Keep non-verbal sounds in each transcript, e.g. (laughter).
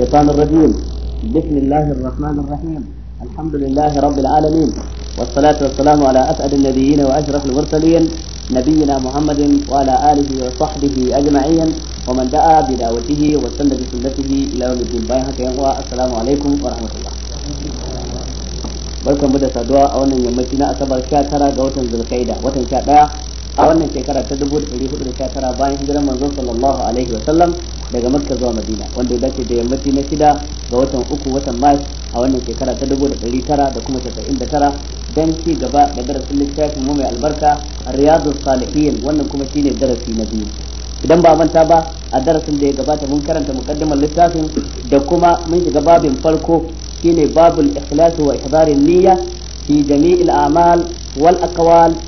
الشيطان الرجيم بسم الله الرحمن الرحيم الحمد لله رب العالمين والصلاة والسلام على أسعد النبيين وأشرف المرسلين نبينا محمد وعلى آله وصحبه أجمعين ومن دعا بدعوته واستنى بسنته إلى يوم الدين باي السلام عليكم ورحمة الله barkan mu da saduwa a wannan yammaci na asabar 19 ga watan zulkaida watan 11 a wannan shekara ta 1419 bayan hijirar manzon sallallahu alaihi wa sallam daga makka zuwa madina wanda ya dace da yammaci na shida ga watan uku watan mars a wannan shekara ta dubu da ɗari tara da kuma casa'in da tara don ci gaba da darasin littafin mu mai albarka riyadu salihin wannan kuma shine darasi na biyu idan ba manta ba a darasin da ya gabata mun karanta mukaddimar littafin da kuma mun shiga babin farko shine babul ikhlas wa ihdarin niyya fi jami'il a'mal wal aqwal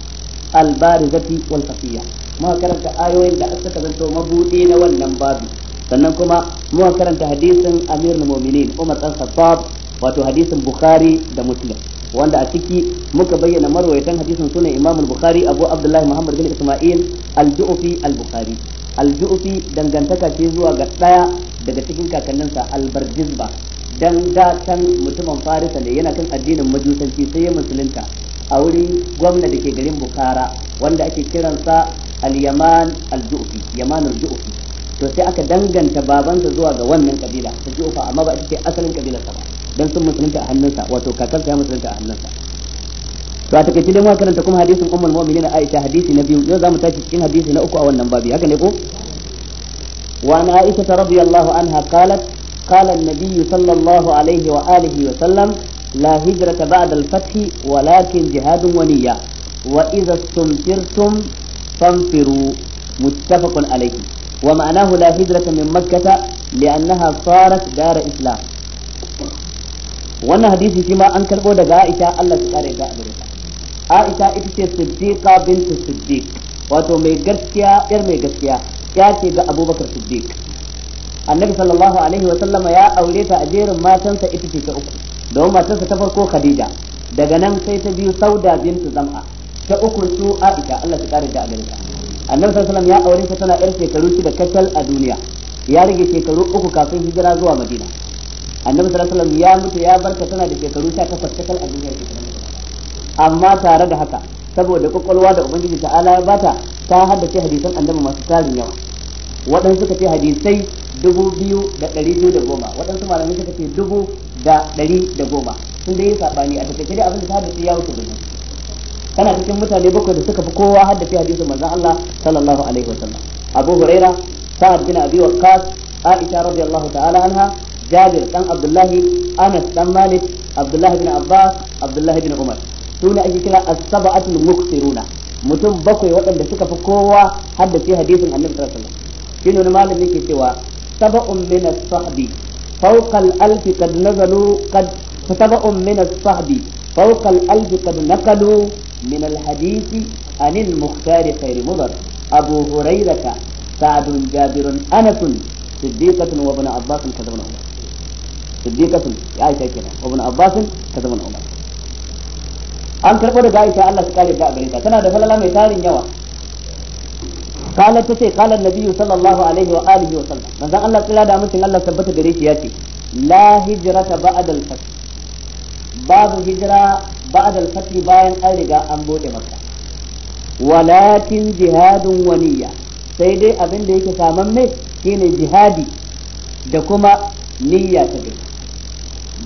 al barizati wal khafiyya muka karanta ayoyin da aka zanto mabudi na wannan babu sannan kuma mu karanta hadisin amirul mu'minin Umar dan Khattab wato hadisin Bukhari da Muslim wanda a ciki muka bayyana marwayatan hadisin sunan Imam Bukhari Abu Abdullah Muhammad bin Isma'il Al-Ju'fi Al-Bukhari Al-Ju'fi dangantaka ce zuwa ga daya daga cikin kakanninsa Al-Bardizba dan da kan mutumin Farisa ne yana kan addinin Majusanci sai ya musulunta a wurin gwamna da ke garin Bukhara wanda ake kiransa Al-Yaman Al-Ju'fi Yaman Al-Ju'fi to sai aka danganta babansa zuwa ga wannan kabila ta ji ufa amma ba ita ce asalin kabilarsa ba dan sun musulunta a hannunsa wato kakansa ya musulunta a hannunsa to a takaice dai muka karanta kuma hadisin ummul mu'minin Aisha hadisi na biyu yau zamu tashi cikin hadisi na uku a wannan babi haka ne ko wa an Aisha radiyallahu anha qalat qala an-nabiy sallallahu alaihi wa alihi wa sallam la hijrata ba'da al-fath walakin jihadun wa niyya wa idza istumtirtum fanfiru muttafaqun alaihi ومعناه لا هجرة من مكة لأنها صارت دار إسلام wannan hadisi shima an karbo daga Aisha Allah ta kare ta a Aisha ita ce Siddiqa bint Siddiq wato mai gaskiya yar mai gaskiya ya ce ga Abubakar Siddiq Annabi sallallahu alaihi wa sallama ya aure ta a jerin matansa ita ce ta uku don matansa ta farko Khadija daga nan sai ta biyu Sauda bint Zam'a ta uku Aisha Allah ta kare ta a annabi sallallahu ya aure ta tana yar shekaru shida kacal a duniya ya rage shekaru uku kafin hijira zuwa madina annabi sallallahu alaihi ya mutu ya barka tana da shekaru 18 kacal a duniya amma tare da haka saboda ƙwaƙwalwa da ubangiji ta'ala ya bata ta haddace hadisan annabi masu tarin yawa waɗansu suka ce hadisai dubu biyu da ɗari biyu da goma waɗansu malamai suka ce dubu da ɗari da goma sun dai yi saɓani a taƙaice da abin da ta haddace ya wuce gudun kana cikin mutane bakwai da suka fi kowa haddace hadisin manzon Allah sallallahu alaihi sallam Abu Huraira Sa'ad bin Abi Waqqas Aisha radiyallahu ta'ala anha Jabir dan Abdullahi Anas dan Malik Abdullahi bin Abbas Abdullahi bin Umar sune ake kira as-sab'atul muqsiruna mutum bakwai waɗanda suka fi kowa haddace hadisin Annabi sallallahu alaihi wasallam shine wani malami yake cewa sab'un min as-sahbi فوق الألف قد نزلوا قد من الصحب فوق الألف قد نقلوا من الحديث عن المختار خير مضر أبو هريرة سعد جابر أنس صديقة وابن عباس كذبنا عمر صديقة يا عائشة كنا وابن عباس كذبنا عمر أن karɓo daga Aisha Allah ta kare da gare ta tana الله falala mai قالت تسي قال النبي صلى الله عليه وآله وسلم من ذا الله قلا دا مسلم الله سبت غريش ياتي لا هجرة بعد الفتح باب هجرة Ba'a al-fath bayan an riga an bude makka walakin jihadun waniya sai dai abin da yake saman mai shine jihadi da kuma niyya ta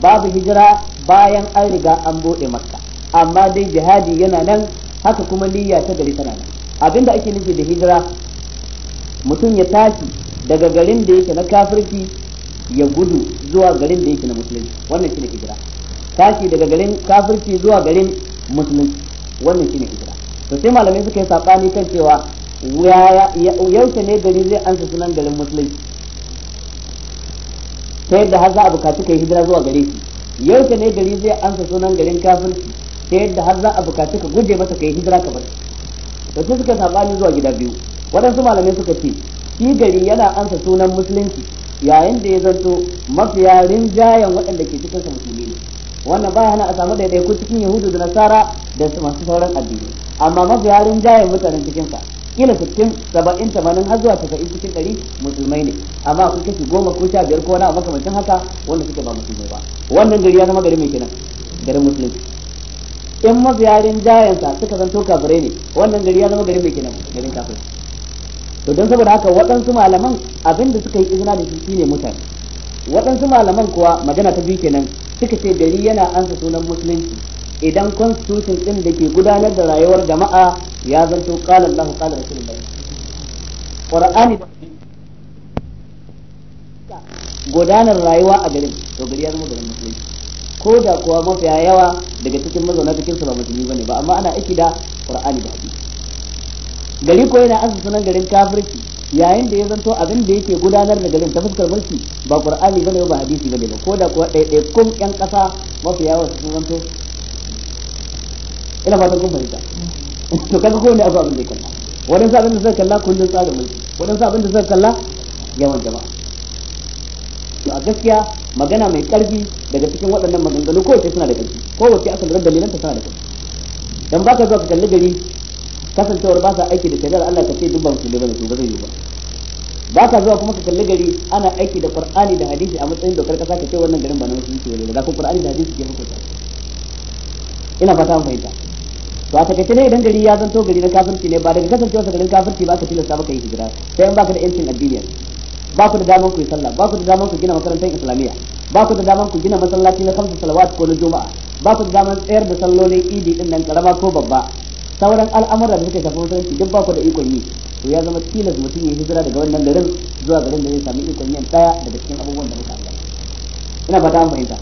babu hijira bayan an riga an bude maka amma dai jihadi yana nan haka kuma niyya ta gari tana nan abinda ake nufi da hijira mutum ya tashi daga garin da yake na kafirci ya gudu zuwa garin da yake na musulunci wannan shine hijira tashi daga garin kafirci zuwa garin musulunci wannan shine hijira to sai malamai suka yi sabani kan cewa yaushe ne gari zai ansa sunan garin musulunci ta yadda har za a bukaci kai hijira zuwa gare shi yaushe ne gari zai ansa sunan garin kafirci ta yadda har za a bukaci ka guje masa kai hijira ka bar to sai suka sabani zuwa gida biyu waɗansu malamai suka ce shi gari yana ansa sunan musulunci yayin da ya zanto mafiya rinjayen waɗanda ke cikin wannan ba hana a samu ɗaiɗaiku cikin yahudu da nasara da masu sauran addini amma mafi harin jayen mutanen cikin sa kila sittin saba'in tamanin har zuwa tasa'in cikin ɗari musulmai ne amma akwai kashi goma ko sha biyar ko wani abu makamancin haka wanda suke ba musulmai ba wannan gari ya zama gari mai kenan garin musulunci in mafi harin sa suka zanto kafirai ne wannan gari ya zama gari mai kenan garin kafirai to don saboda haka waɗansu malaman abinda suka yi izina da shi shine mutane waɗansu malaman kuwa magana ta biyu kenan suka ce gari yana ansa sunan musulunci idan constitution din da ke gudanar da rayuwar jama'a ya zanto qala Allahu qala rasulullahi qur'ani da gudanar rayuwa a garin to gari ya zama garin musulunci ko da kuwa mafiya yawa daga cikin mazauna cikin su ba musulmi bane ba amma ana aiki da qur'ani da hadisi gari ko yana ansa sunan garin kafirci yayin da ya zanto abin da yake gudanar da garin ta fuskar mulki ba qur'ani bane ba hadisi bane ba ko da kuwa ɗaiɗai kun ƴan ƙasa mafi yawa su sun zanto ina fatan kun fahimta (laughs) to kaga kowane abu abin da ya kalla waɗansu abin da suka kalla kullun tsarin mulki waɗansu abin da suka kalla yawan jama'a to a gaskiya magana mai karfi daga cikin waɗannan maganganu ko suna da karfi ko wace aka lura dalilan ta tana da karfi dan baka zuwa ka kalli gari kasancewar ba sa aiki da shari'ar Allah ka ce duk ba musulmi ba su ba zai yi ba ba ka zuwa kuma ka kalli gari ana aiki da Qur'ani da hadisi a matsayin dokar kasa ka ce wannan garin ba na musulunci bane da kuma Qur'ani da hadisi ke hukunta ina fata an fahimta to a takaice ne idan gari ya zanto gari na kafirci ne ba daga kasancewar sa garin kafirci ba ka tilasta maka yi hijira sai in baka da yancin addini ba ku da daman ku yi sallah ba ku da daman ku gina makarantar islamiyya ba ku da daman ku gina masallaci na kamsa salawat ko na juma'a ba ku da daman tsayar da sallolin idi din nan karama ko babba sauran al'amuran da suka shafi musulunci duk ba ku da ikon yi to ya zama tilas mutum ya hijira daga wannan garin zuwa garin da zai sami ikon yin daya daga cikin abubuwan da muka ambata ina fata an fahimta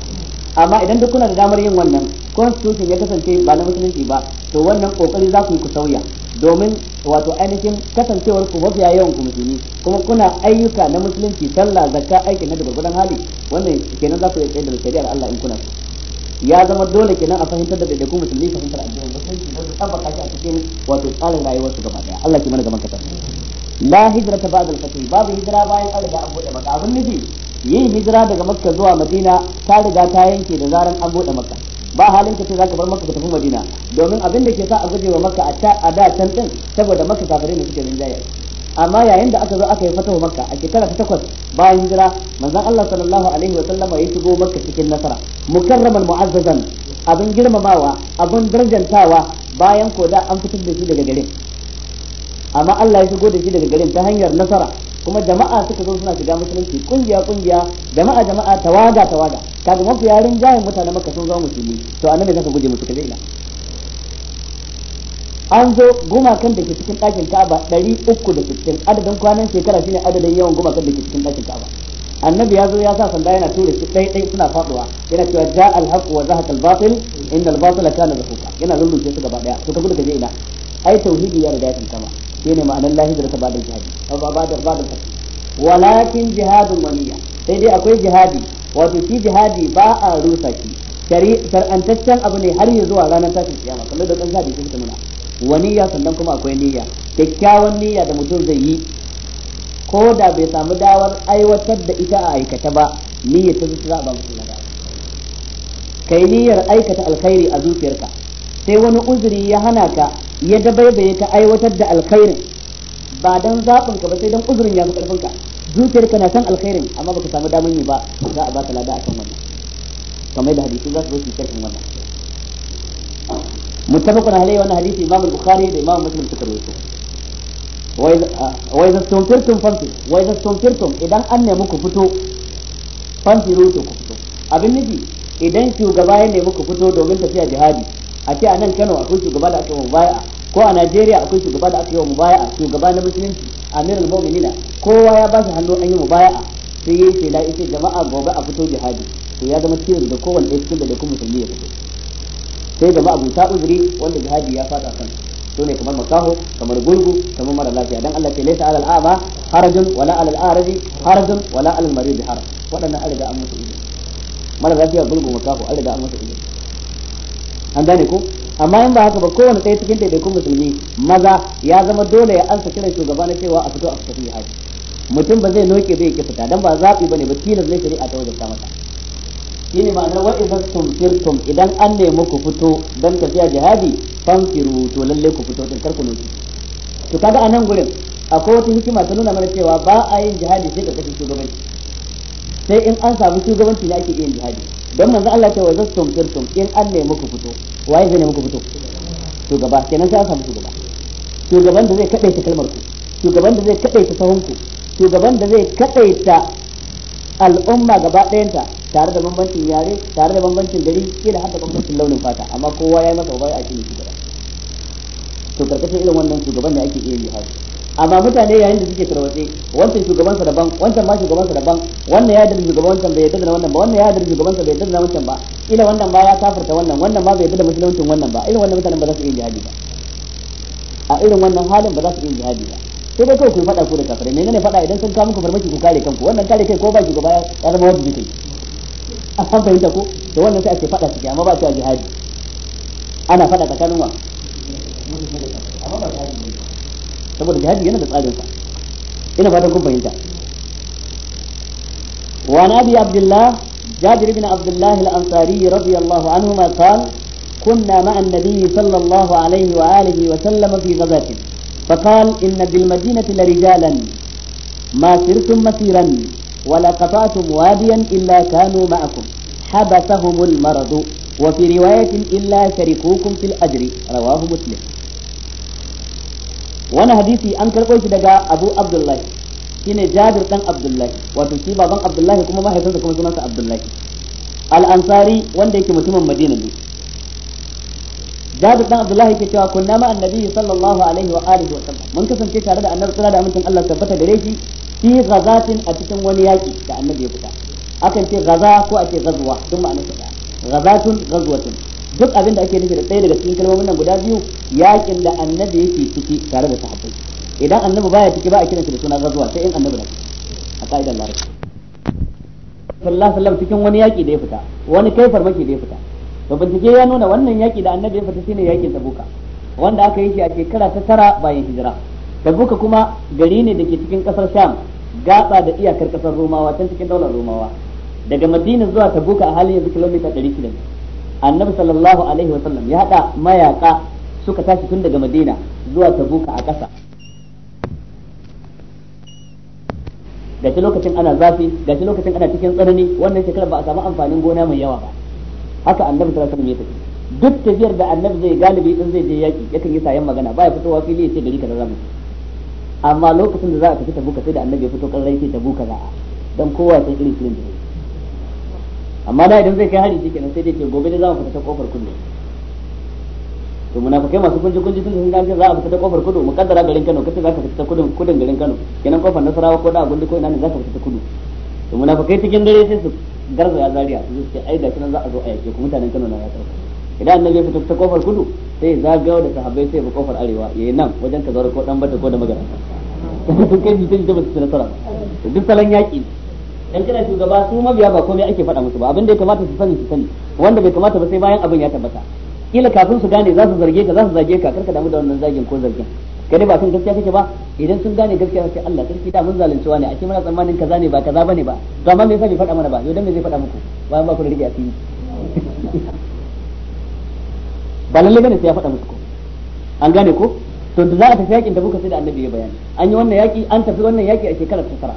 amma idan duk kuna da damar yin wannan constitution ya kasance ba na musulunci ba to wannan kokari za ku yi ku sauya domin wato ainihin kasancewar ku mafiya yawan ku musulmi kuma kuna ayyuka na musulunci sallah zakka aikin na da hali wannan kenan za ku iya tsaye da shari'ar Allah in kuna so ya zama dole kenan a fahimtar da daidaiku musulmi fahimtar addinin musulunci don su tabbata shi a cikin wato tsarin rayuwar su gaba daya Allah ki mana gaban kasa la hijra ta ba'da al babu hijira bayan an riga an bude maka abin nufi yin hijira daga makka zuwa madina ta riga ta yanke da zaran an bude maka ba halin ka ce zaka bar makka ka tafi madina domin abin da ke sa a gujewa makka a da can din saboda makka kafirai ne suke rinjaye amma yayin da aka zo aka yi fatawa makka a shekara ta takwas bayan hijira manzon Allah sallallahu alaihi wa sallama ya shigo makka cikin nasara mukarraman mu'azzazan abin girmamawa abin darajantawa bayan ko da an fitar da shi daga garin amma Allah ya shigo da shi daga garin ta hanyar nasara kuma jama'a suka zo suna shiga musulunci kungiya kungiya jama'a jama'a tawaga tawaga kaga mafi yarin jami'an mutane maka sun zama musulmi to annabi zaka guje musu kaje ina an zo gumakan da ke cikin ɗakin Ka'aba ɗari uku da cikin adadin kwanan shekara shine adadin yawan gumakan da ke cikin ɗakin Ka'aba annabi ya zo ya sa sanda yana tura shi ɗai ɗai suna faɗuwa yana cewa ja al-haqq wa zahaqa al-batil inna al-batila kana zahuqa yana rubuce su gaba daya to ka gudu ka je ina ai tauhidi ya riga ya tantama shine ma'anar lahi da ba da jihadi ba ba da ba da walakin jihadun waliya sai dai akwai jihadi wato shi jihadi ba a rusa shi shar'antaccen abu ne har yanzu a ranar tashin kiyama kallon da kan jihadi sun Waniya sannan kuma akwai niyya kyakkyawan niyya da mutum zai yi ko da bai samu dawar aiwatar da ita a aikata ba niyya ta zuci za a ba mutum da kai niyyar aikata alkhairi a zuciyarka sai wani uzuri ya hana ka ya dabaibaye ka aiwatar da alkhairin ba dan zaɓin ka ba sai dan uzurin ya fi karfin ka zuciyarka na san alkhairin amma baka samu damar yi ba za a ba ka lada a kan wannan kamar da hadisi za su zo su yi wannan muttafaqun alayhi wannan hadisi imam al-bukhari da imam muslim suka rawaito wa idza stumtirtum fanfi wa idza stumtirtum idan an ne muku fito fanfi ruto ku fito abin nufi idan shugaba ya ne ku fito domin tafiya jihadi a ce a nan Kano akwai shugaba da aka yi mubaya'a ko a Najeriya akwai shugaba da aka yi mubaya'a shugaba na musulunci amirul mu'minina kowa ya ba shi hannu an yi mubaya'a sai yi shela ita jama'a gobe a fito jihadi to ya zama ciwon da kowanne cikin da kuma musulmi ya fito sai gaba abu ta uzuri wanda jihadi ya fada kan to ne kamar makaho kamar gurgu kamar mara lafiya dan Allah ce laysa alal a'ma harajun wala alal araji harajun wala alal marid har wadannan an riga an musu ido mara lafiya gurgu makaho an riga an musu ido an gane ko amma in ba haka ba kowane ɗaya cikin kuma musulmi maza ya zama dole ya ansa kiran shugaba na cewa a fito a fita fi haji mutum ba zai noke bai ki fita dan ba zaɓi bane ba tilas ne shari'a ta wajen masa shine ma'anar wa idza tumfirtum idan an nemi ku fito don tafiya jihadi fanfiru to lalle ku fito din karku nuki to kaga a nan gurin akwai wata hikima ta nuna mana cewa ba a yin jihadi sai ka kashe shugabanci sai in an samu shugabanci ne ake yin jihadi don manzo Allah ta wazas tumfirtum in an nemi ku fito waye zai nemi ku fito shugaba kenan sai an samu shugaba shugaban da zai kadaita kalmar ku shugaban da zai kadaita sahun ku shugaban da zai kadaita al'umma gaba ɗayanta tare da bambancin yare tare da bambancin gari kila har da bambancin launin fata amma kowa ya yi masa ubaya a shi gaba to karkashin irin wannan shugaban da ake iya lihafi amma mutane yayin da suke tarwatse wancan sa daban wancan ma sa daban wannan ya yarda da shugaban wancan bai yarda da wannan ba wannan ya yarda shugaban sa bai yarda da wancan ba ila wannan ba ya kafirta wannan wannan ma bai yarda da musuluncin wannan ba irin wannan mutanen ba za su iya jihadi ba a irin wannan halin ba za su iya jihadi ba sai dai kawai ku faɗa ku da kafirai menene faɗa idan sun kawo muku farmaki ku kare kanku wannan kare kai ko ba shugaba ya zama wajibi kai an fahimta ko da wannan sai ake faɗa ciki amma ba shi a jihadi ana faɗa tsakanin wa amma ba saboda jihadi yana da tsarin sa ina fatan kun fahimta wa nabi abdullah جابر بن عبد الله الأنصاري رضي الله عنهما قال كنا مع النبي صلى الله عليه وآله وسلم في غزاة فقال إن بالمدينة لرجالا ما سرتم مسيرا ولا قطعتم واديا إلا كانوا معكم حبسهم المرض وفي رواية إلا شركوكم في الأجر رواه مسلم وانا حديثي أنكر قوي دقاء أبو عبد الله shine Jabir dan Abdullahi wato shi baban Abdullahi kuma mahaifinsa kuma sunansa Abdullahi al-Ansari wanda yake mutumin Madina ne Jabir dan Abdullahi ke cewa kunna ma annabi sallallahu alaihi wa alihi wa sallam mun kasance tare da annabi sallallahu alaihi wa Allah tabbata gare shi fi ghazatin a cikin wani yaki da annabi ya fita akan ce gaza ko ake gazuwa duk ma'ana ta daya gazatun gazuwatun duk abin da ake nufi da ɗaya daga cikin kalmomin nan guda biyu yakin da annabi yake ciki tare da sahabbai idan annabi baya ciki ba a kiransa da suna gazuwa sai in annabi na a ka'idar larabci sallallahu alaihi wasallam cikin wani yaki da ya fita wani kai farmaki da ya fita to bincike ya nuna wannan yaki da annabi ya fita shine yakin tabuka wanda aka yi shi a shekara ta tara bayan hijira tabuka kuma gari ne da ke cikin kasar sham gaba da iyakar kasar Romawa can cikin daular Romawa daga Madina zuwa Tabuka a halin yanzu kilomita 600 Annabi sallallahu alaihi wa sallam ya hada mayaka suka tashi tun daga Madina zuwa Tabuka a ƙasa gashi lokacin ana zafi gashi lokacin ana cikin tsanani wannan shekarar ba a samu amfanin gona mai yawa ba haka annabi sallallahu alaihi wa sallam ya tafi duk tafiyar da annabi zai galibi din zai je yaki yakan yi sayan magana ba ya fitowa fili ya ce gari kaza zamu amma lokacin da za a tafi tabuka sai da annabi ya fito kan rai sai tabuka za a dan kowa sai irin shirin da yake amma da idan zai kai hari kenan sai dai ke gobe da za mu fita ta kofar kudu to munafikai masu kunji kunji sun sun gaje za a fita ta kofar kudu mukaddara garin Kano kace za ka fita ta kudu kudin garin Kano kenan kofar Nasarawa ko da gundu ko ina ne za ka fita ta kudu to munafikai cikin dare sai su garzaya zariya su ce ai gashi nan za a zo a yake ku mutanen Kano na ya tsarka idan annabi ya fita ta kofar kudu sai zagayo da sahabbai sai ba kofar arewa yayi nan wajen ka zaura ko dan bata ko da magana sun kai jitin da basu nasara duk salon yaki dan kana shugaba su mabiya ba komai ake faɗa musu ba abin da ya kamata su sani su sani wanda bai kamata ba sai bayan abin ya tabbata kila kafin su gane za su zarge ka za su zage ka karka damu da wannan zagin ko zargin kai dai ba kan gaskiya kake ba idan sun gane gaskiya sai Allah sarki da mun zaluncewa ne ake muna tsammanin kaza ne ba kaza bane ba to amma me yasa bai faɗa mana ba yau dan me zai faɗa muku bayan ba ku da rike asiri ba lalle bane sai ya faɗa musu ko an gane ko to da za a tafi yakin da buka sai da annabi ya bayani an yi wannan yaki an tafi wannan yaki a shekarar ta tara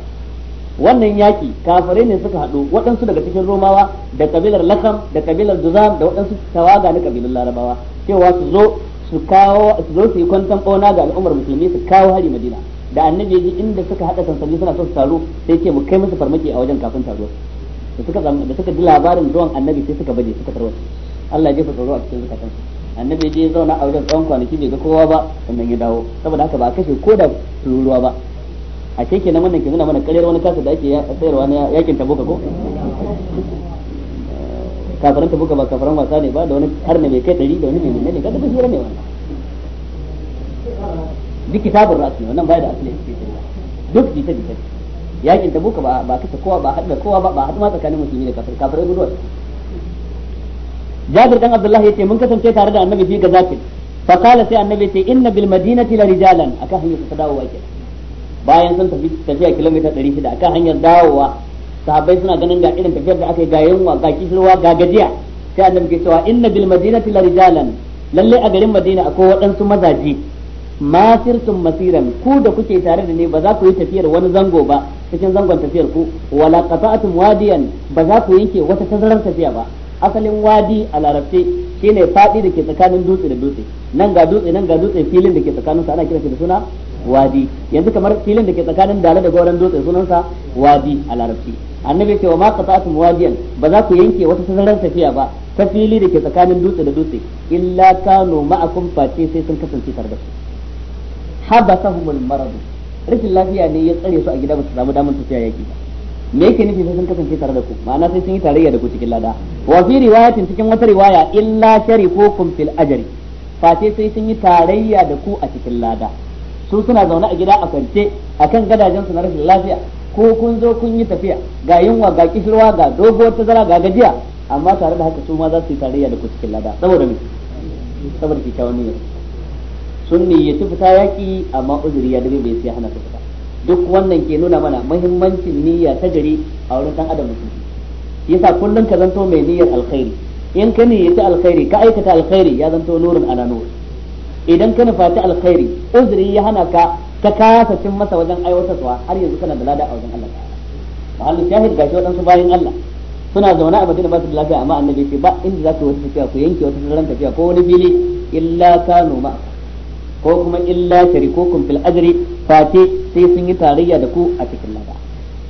wannan yaki kafare ne suka haɗu waɗansu daga cikin romawa da kabilar lakam da kabilar duzam da waɗansu tawaga na kabilar larabawa cewa su zo su kawo su zo su yi kwantan ɓauna ga al'ummar musulmi su kawo hari madina da annabi ya ji inda suka haɗa sansani suna son su taru sai ce mu kai musu farmaki a wajen kafin taruwar da suka da suka ji labarin zuwan annabi sai suka baje suka tarwata Allah ya jefa tsoro a cikin zakatansu annabi je zauna a wajen tsawon kwanaki bai ga kowa ba sannan ya dawo saboda haka ba a kashe ko da tururuwa ba a ce kenan wannan ke nuna mana karyar wani kasa da ake tsayarwa na yakin tabuka ko eh, kafaran tabuka ba kafaran wasa ne ba da wani karni mai kai dari da wani mai ne kada kaga hira ne wannan duk kitabun rasu wannan baya da asali duk jita jita yakin tabuka ba ba kashe kowa ba haɗa kowa ba ba haɗu ma tsakanin musulmi da kafir kafirai guduwa jabir dan abdullah yace mun kasance tare da annabi ga gazatin fa sai annabi yace inna bil madinati la rijalan akan hanyar ta dawowa ke bayan sun tafi tafiya kilomita 600 akan hanyar dawowa sahabbai suna ganin a irin tafiyar da aka yi ga yunwa ga kishirwa ga gajiya sai annabi ke cewa inna bil madinati la rijalan a garin madina akwai waɗansu mazaje masirtun masiran ku da kuke tare da ni ba za ku yi tafiyar wani zango ba cikin zangon tafiyar ku wala qata'tum wadiyan ba za ku yanke wata tazarar tafiya ba asalin wadi a larabce shine fadi da ke tsakanin dutse da dutse nan ga dutse nan ga dutse filin da ke tsakanin sa ana kira shi da suna wadi yanzu kamar filin da ke tsakanin dala da gauran dutse sunansa wadi a larabci annabi ce wa ma qata'atum wadiyan ba za ku yanke wata sararin tafiya ba ta fili da ke tsakanin dutse da dutse illa kanu ma'akum face sai sun kasance tare da su habasahumul maradu rashin lafiya ne ya tsare su a gida ba su samu damar tafiya yaki ba me yake nufi sai sun kasance tare da ku ma'ana sai sun yi tarayya da ku cikin lada wa fi riwayatin cikin wata riwaya illa sharikukum fil ajri fa sai sai sun yi tarayya da ku a cikin lada su suna zaune a gida a kwance akan gadajen su na rashin lafiya ko kun zo kun yi tafiya ga yunwa ga kishirwa ga doguwar tazara ga gajiya amma tare da haka su ma za su yi tarayya da ku cikin lada saboda me saboda kikkiawan niyyar sun niyyaci fita yaki amma uzuri ya dabe bai sai hana su fita duk wannan ke nuna mana muhimmancin niyya ta gari a wurin dan adam musulmi yasa kullum ka zanto mai niyyar alkhairi in ka niyyaci alkhairi ka aikata alkhairi ya zanto nurun ana nur idan ka nufaci alkhairi uzuri ya hana ka ka kasa cin masa wajen aiwatarwa har yanzu kana da lada a wajen Allah ta'ala mahallu shahid gashi waɗansu bayan Allah suna zaune a madina ba su da lafiya amma annabi ce ba inda za ka wata tafiya ku yanke wata tafiya ko wani fili illa kanu ma'a ko kuma illa sharikukum fil ajri fati sai sun yi tarayya da ku a cikin lada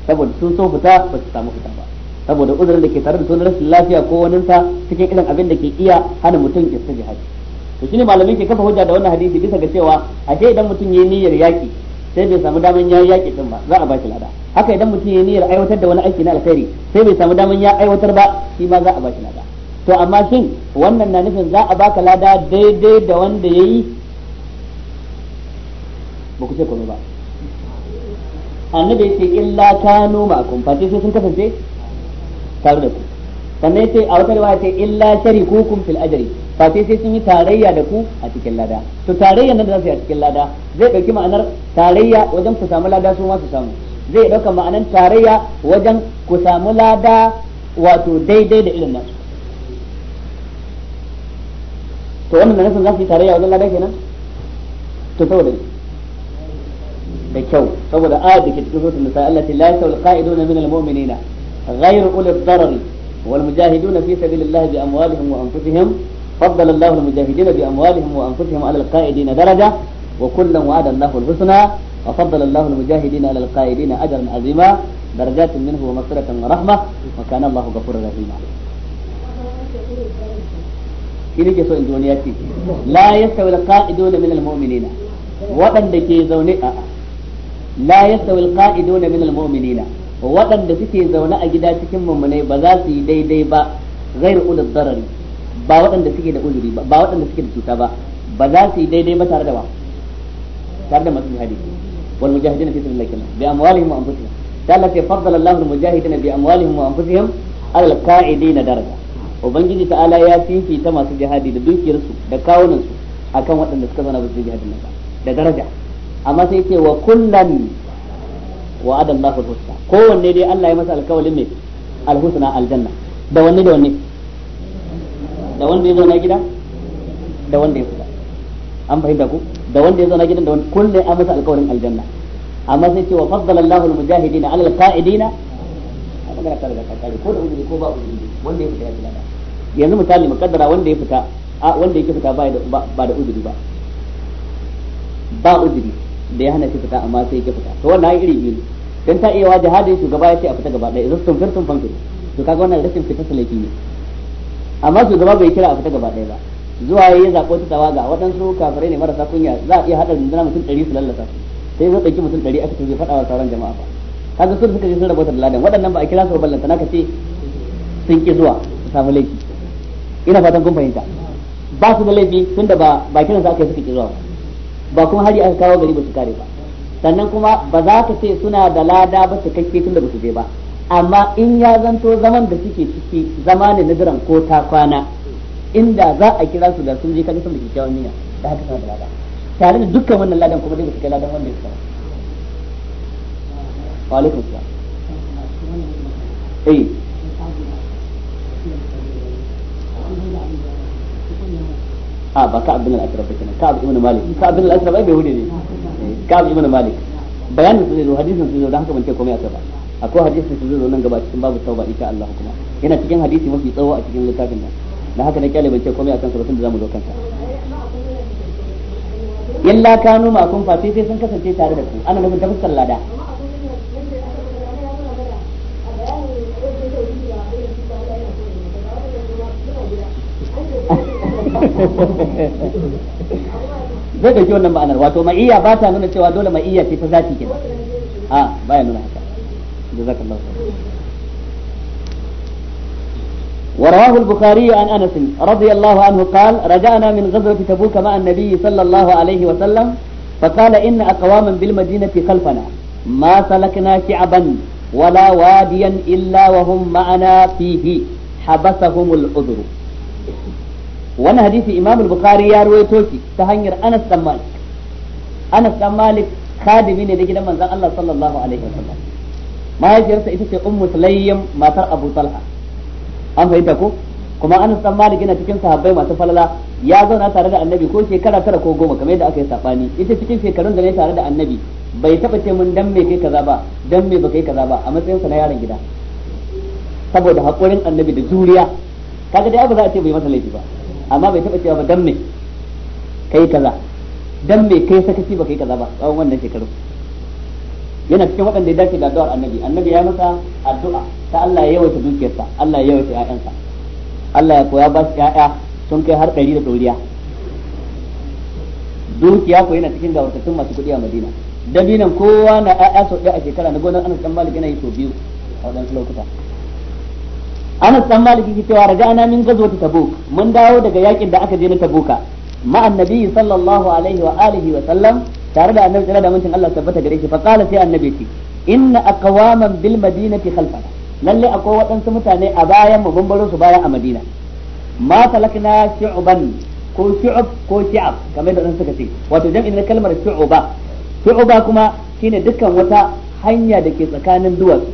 saboda sun so fita ba su samu fita ba saboda uzurin da ke tare da sunan rashin lafiya ko wani sa cikin irin abin da ke iya hana mutum ya tsaji haji to shine malamin ke kafa hujja da wannan hadisi bisa ga cewa ashe idan mutum yayi niyyar yaki sai bai samu daman ya yaki din ba za a ba shi lada haka idan mutum yayi niyyar aiwatar da wani aiki na alkhairi sai bai samu daman ya aiwatar ba shi ma za a ba shi lada to amma shin wannan na nufin za a baka lada daidai da wanda yayi ba ku ce ba annabi ya ce illa kanu ma'akum fa sai sun kasance tare da ku sannan ya ce a wata riwaya ce illa kun fil ajri fa sai sai sun yi tarayya da ku a cikin lada to tarayya nan da za su yi a cikin lada zai dauki ma'anar tarayya wajen ku samu lada su ma su samu zai dauka ma'anar tarayya wajen ku samu lada wato daidai da irin nasu to wannan nan za su yi tarayya wajen lada kenan to saboda da kyau saboda ayat da ke cikin suratul nisa Allah ta la yasawul qa'iduna min almu'minina ghayru ulil darar wal mujahiduna fi sabilillah bi amwalihim wa anfusihim faddala Allahu al mujahidina bi amwalihim wa anfusihim ala al qa'idina daraja wa kullan wa'ada Allahu al husna wa faddala Allahu al mujahidina ala al qa'idina ajran azima darajatin minhu wa shi so in min waɗanda ke zaune a'a la yastawi alqa'iduna min almu'minina waɗanda suke zaune a gida cikin mummunai ba za su yi daidai ba ghairu ulul darari ba waɗanda suke da uzuri ba ba waɗanda suke da cuta ba ba za su yi daidai ba tare da ba tare da masu jihadi wal mujahidin fi sabilillah kenan bi amwalihim wa anfusihim ta Allah sai faddala Allahu al mujahidin bi amwalihim wa anfusihim ala al qa'idina daraja ubangiji ta'ala ya ta masu jihadi da dukiyarsu da kawunansu akan waɗanda suka zauna ba su jihadin nan ba da daraja amma sai ce wa kullan wa adam al-husna kowanne dai Allah ya masa alkawalin ne al aljanna da wanne da wanne da wanda ya zo gida da wanda ya fita an fahimta ku da wanda ya zo gidan da wanda kullum an masa alkawarin aljanna amma sai ce wa faddala Allahu mujahidin ala al a magana ta daga kakari ko da ko ba wanda ya fita ya fita yanzu misali mukaddara wanda ya fita a wanda yake fita ba ba da uzuri ba ba uzuri da ya hana shi fita amma sai ya fita to wannan iri biyu dan ta iya waje jihadin shugaba ya ce a fita gaba ɗaya idan sun firtun fankin to kaga wannan rashin fita salafi ne amma shugaba bai kira a fita gaba ɗaya ba zuwa ya yi zaɓo ta tawaga waɗansu kafirai ne marasa kunya za a iya haɗa rundunar mutum ɗari su lallasa sai zai ɗauki mutum ɗari aka ce bai faɗa wa sauran jama'a ba kaga sun suka je sun rabota da ladan waɗannan ba a kira su ba ballanta ka ce sun ƙi zuwa su samu laifi ina fatan kun fahimta ba su da laifi tunda ba ba kiran sa aka yi suka ki zuwa ba ba kuma hari aka kawo gari ba su kare ba sannan kuma ba za ka ce suna da lada ba su kakke tun da ba su je ba amma in ya zanto zaman da suke ciki zama ne na ko ta kwana inda za a kira su da sun je kaga sun da kyakkyawan niyya da haka suna da lada tare da dukkan wannan ladan kuma dai ba su kai ladan wanda ya kawo wa alaikum salam eh. a ba ka abin al'asirar ashraf kenan ka abin ibn malik ka abdul al-ashraf bai hude ne eh, ka abin ibn malik bayanin su zai zo hadisin su zai zo dan haka ban ce komai a ba akwai hadisin su zai zo nan gaba cikin babu tauba insha Allah kuma yana cikin hadisi mafi tsawo a cikin littafin nan dan haka na kyale ban ce komai akan sa ba tunda zamu zo kansa illa kanu ma kun fa sai sun kasance tare da ku ana nufin ta fuskar lada zai dauki wannan ma'anar wato ma'iyya ba ta nuna cewa dole ma'iyya ce ta zati kenan a baya nuna haka jazakallahu ورواه البخاري عن انس رضي الله عنه قال رجعنا من غزوه تبوك مع النبي صلى الله عليه وسلم فقال ان اقواما بالمدينه خلفنا ما سلكنا شعبا ولا واديا الا وهم معنا فيه حبسهم العذر wannan hadisi Imam al-Bukhari ya ruwaito shi ta hanyar Anas dan Malik Anas dan Malik kadimi ne da gidan manzon Allah sallallahu alaihi wasallam mahaifiyarsa ita ce Ummu Sulaym matar Abu Talha an fahimta ko kuma Anas dan Malik yana cikin sahabbai masu falala ya zauna tare da Annabi ko shekara tara ko goma kamar yadda aka yi sabani ita cikin shekarun da ne tare da Annabi bai taba ce mun dan me kai kaza ba dan me baka yi kaza ba a matsayin sa na yaron gida saboda hakurin Annabi da juriya kaga dai ba za a ce bai masa laifi ba amma bai taba cewa ba dan me kai kaza dan me kai sakaci ba kai kaza ba tsawon wannan shekaru yana cikin waɗanda ya dace da addu'ar annabi annabi ya masa addu'a ta Allah ya yawaita dukiyarsa Allah ya yawaita ƴaƴansa Allah ya koya ba shi ƴaƴa sun kai har ɗari da ɗoriya dukiya ko yana cikin gawartattun masu kuɗi a Madina dabinan kowa na ƴaƴa sau ɗaya a shekara na gonar Anas dan Malik yana yi sau biyu a waɗansu lokuta Anas dan Malik yake cewa raja'ana gazo ta Tabuk mun dawo daga yakin da aka je na Tabuka ma annabi sallallahu alaihi wa alihi wa sallam tare da annabi da mutun Allah tabbata gare shi fa qala sai annabi ce inna aqwaman bil madinati khalfana lalle akwai waɗansu mutane a bayan mu bambaro su baya a Madina ma talakna shu'ban ko shu'ub ko shi'ab kamar da suka ce wato jam'in na kalmar shu'uba shu'uba kuma shine dukkan wata hanya da ke tsakanin duwatsu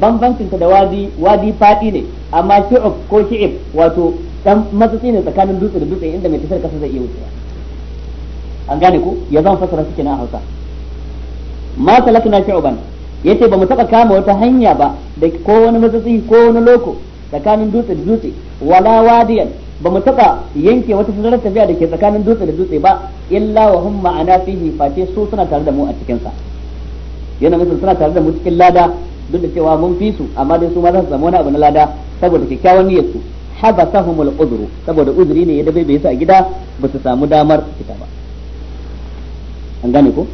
bambancinta da wadi wadi fadi ne amma shi'ub ko shi'ib wato dan matsatsi ne tsakanin dutse da dutse inda mai tafiyar kasa zai iya wucewa an gane ku ya zan fasara suke na Hausa ma salakna ya ce ba mu taba kama wata hanya ba da ko wani matsatsi ko wani loko tsakanin dutse da dutse wala wadiyan ba mu taba yanke wata sararin tafiya da ke tsakanin dutse da dutse ba illa wa hum ma'ana fihi face su suna tare da mu a cikin sa yana mutum suna tare da mu cikin lada duk da cewa mun fi su amma dai su ma za su samu wani abu na lada saboda kyakkyawan niyyar su habasahumul udru saboda udri ne ya dabe bai sa gida ba su samu damar fita ba an gane ko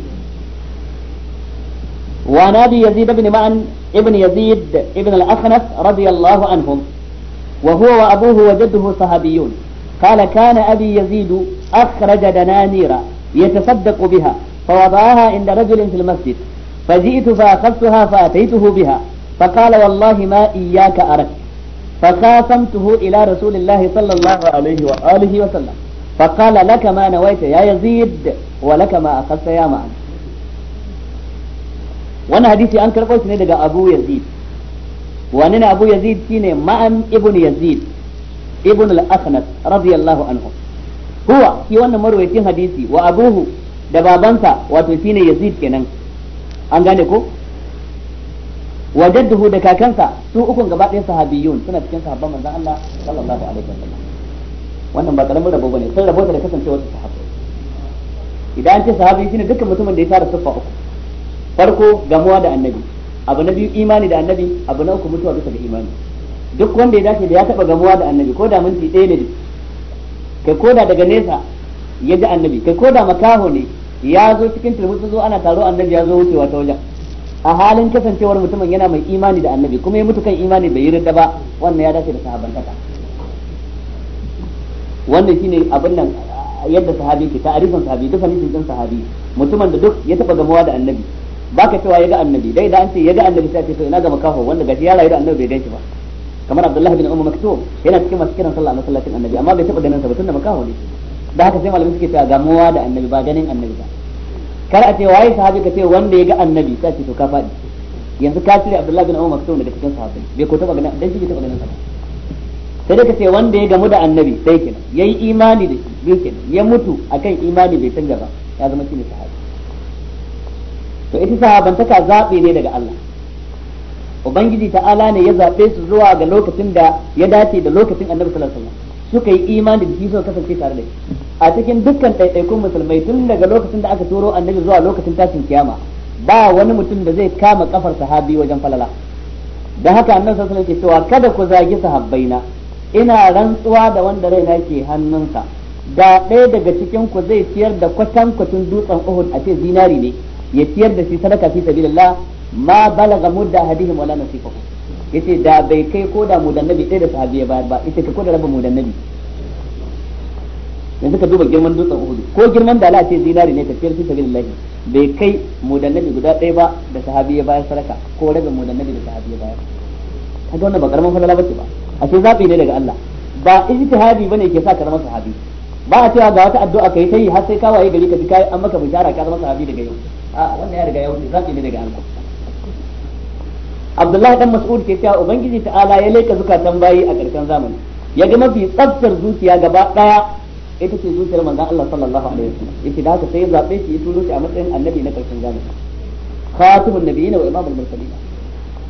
wa nabi yazid ibn ma'an ibn yazid ibn al-asnaf radiyallahu anhum wa huwa wa abuhu wa jadduhu sahabiyun قال كان أبي يزيد أخرج دنانير يتصدق بها فوضعها عند رجل في المسجد فجئت فأخذتها فأتيته بها فقال والله ما إياك أردت فقاسمته إلى رسول الله صلى الله عليه وآله وسلم فقال لك ما نويت يا يزيد ولك ما أخذت يا معن وانا حديثي أنكر قلت ندق أبو يزيد وانا أبو يزيد كيني معن ابن يزيد ابن الأخنس رضي الله عنه هو في وانا مرويتين حديثي وأبوه دبابنسا واتوسين يزيد كنن أنغاني كو wa jadduhu da kakansa su ukun gaba ɗaya sahabiyun suna cikin sahabban manzon Allah sallallahu alaihi wasallam wannan ba karamin rabo bane sun rabo da kasance wasu sahabbai idan an ce sahabi shine dukkan mutumin da ya tara sufa uku farko gamuwa da annabi abu na biyu imani da annabi abu na uku mutuwa bisa da imani duk wanda ya dace da ya taba gamuwa da annabi ko da minti ɗaya ne kai ko da daga nesa ya annabi kai ko da makaho ne ya zo cikin turmutsu zo ana taro annabi ya zo wucewa ta wajen a halin kasancewar mutumin yana mai imani da annabi kuma ya mutu kan imani bai yarda ba wannan ya dace da sahabantaka wannan shine abin nan yadda sahabi ke ta'arifin sahabi da fahimtin din sahabi mutumin da duk ya taba gamawa da annabi baka cewa ya ga annabi dai da an ce ya ga annabi sai ce ina ga makaho wanda gashi ya rayu da annabi bai ganshi ba kamar Abdullah bin Umar Maktum yana cikin masu kiran sallah a masallacin annabi amma bai taba ganin sa ba tunda makaho ne da haka sai malamin suke cewa gamuwa da annabi ba ganin annabi ba kar a ce waye sahabi ka ce wanda ya ga annabi sai ce to ka faɗi yanzu ka cire abdullahi bin umar maktum daga cikin sahabi bai ko taba ganin dan shi bai taba ganin sa sai dai ka ce wanda ya gamu da annabi sai kenan yayi imani da shi bai kenan ya mutu akan imani bai canja ba ya zama shine sahabi to ita sahabantaka zabe ne daga Allah ubangiji ta'ala ne ya zabe su zuwa ga lokacin da ya dace da lokacin annabi sallallahu alaihi wasallam suka yi imani da shi suka kasance tare da shi a cikin dukkan ɗaiɗaikun musulmai tun daga lokacin da aka turo annabi zuwa lokacin tashin kiyama ba wani mutum da zai kama kafar sahabi wajen falala da haka annan sallallahu alaihi cewa kada ku zagi na ina rantsuwa da wanda raina ke hannunsa da ɗaya daga cikin ku zai ciyar da kwatan kwatun dutsen Uhud a ce zinari ne ya ciyar da shi sadaka fi sabilillah ma balaga mudda hadihim wala nasifahu yace da bai kai ko da mu ɗaya da sahabi ba ita ko da rabin mu yanzu ka duba girman dutsen uhudu ko girman da ce zinari ne tafiyar fi sabilillahi bai kai mudannabi guda ɗaya ba da sahabi ya bayar saraka ko rabin mudannabi da sahabi ya bayar ga wannan ba karamin falala bace ba a ce zaɓi ne daga Allah ba ijtihadi bane ke sa karamin sahabi ba a cewa ga wata addu'a kai ta yi har sai kawaye gari ka ji kai an maka bishara ka zama sahabi daga yau a wannan ya riga ya wuce zaɓi ne daga Allah Abdullahi dan Mas'ud ke cewa ubangiji ta'ala ya leka zukatan bayi a karkan zamani ya ga mafi tsaftar zuciya gaba daya ita ce zuciyar manzon Allah sallallahu alaihi wasallam yake da haka sai ya zabe shi ya turo shi a matsayin annabi na karshen zamani khatibun nabiyina wa imamul mursalin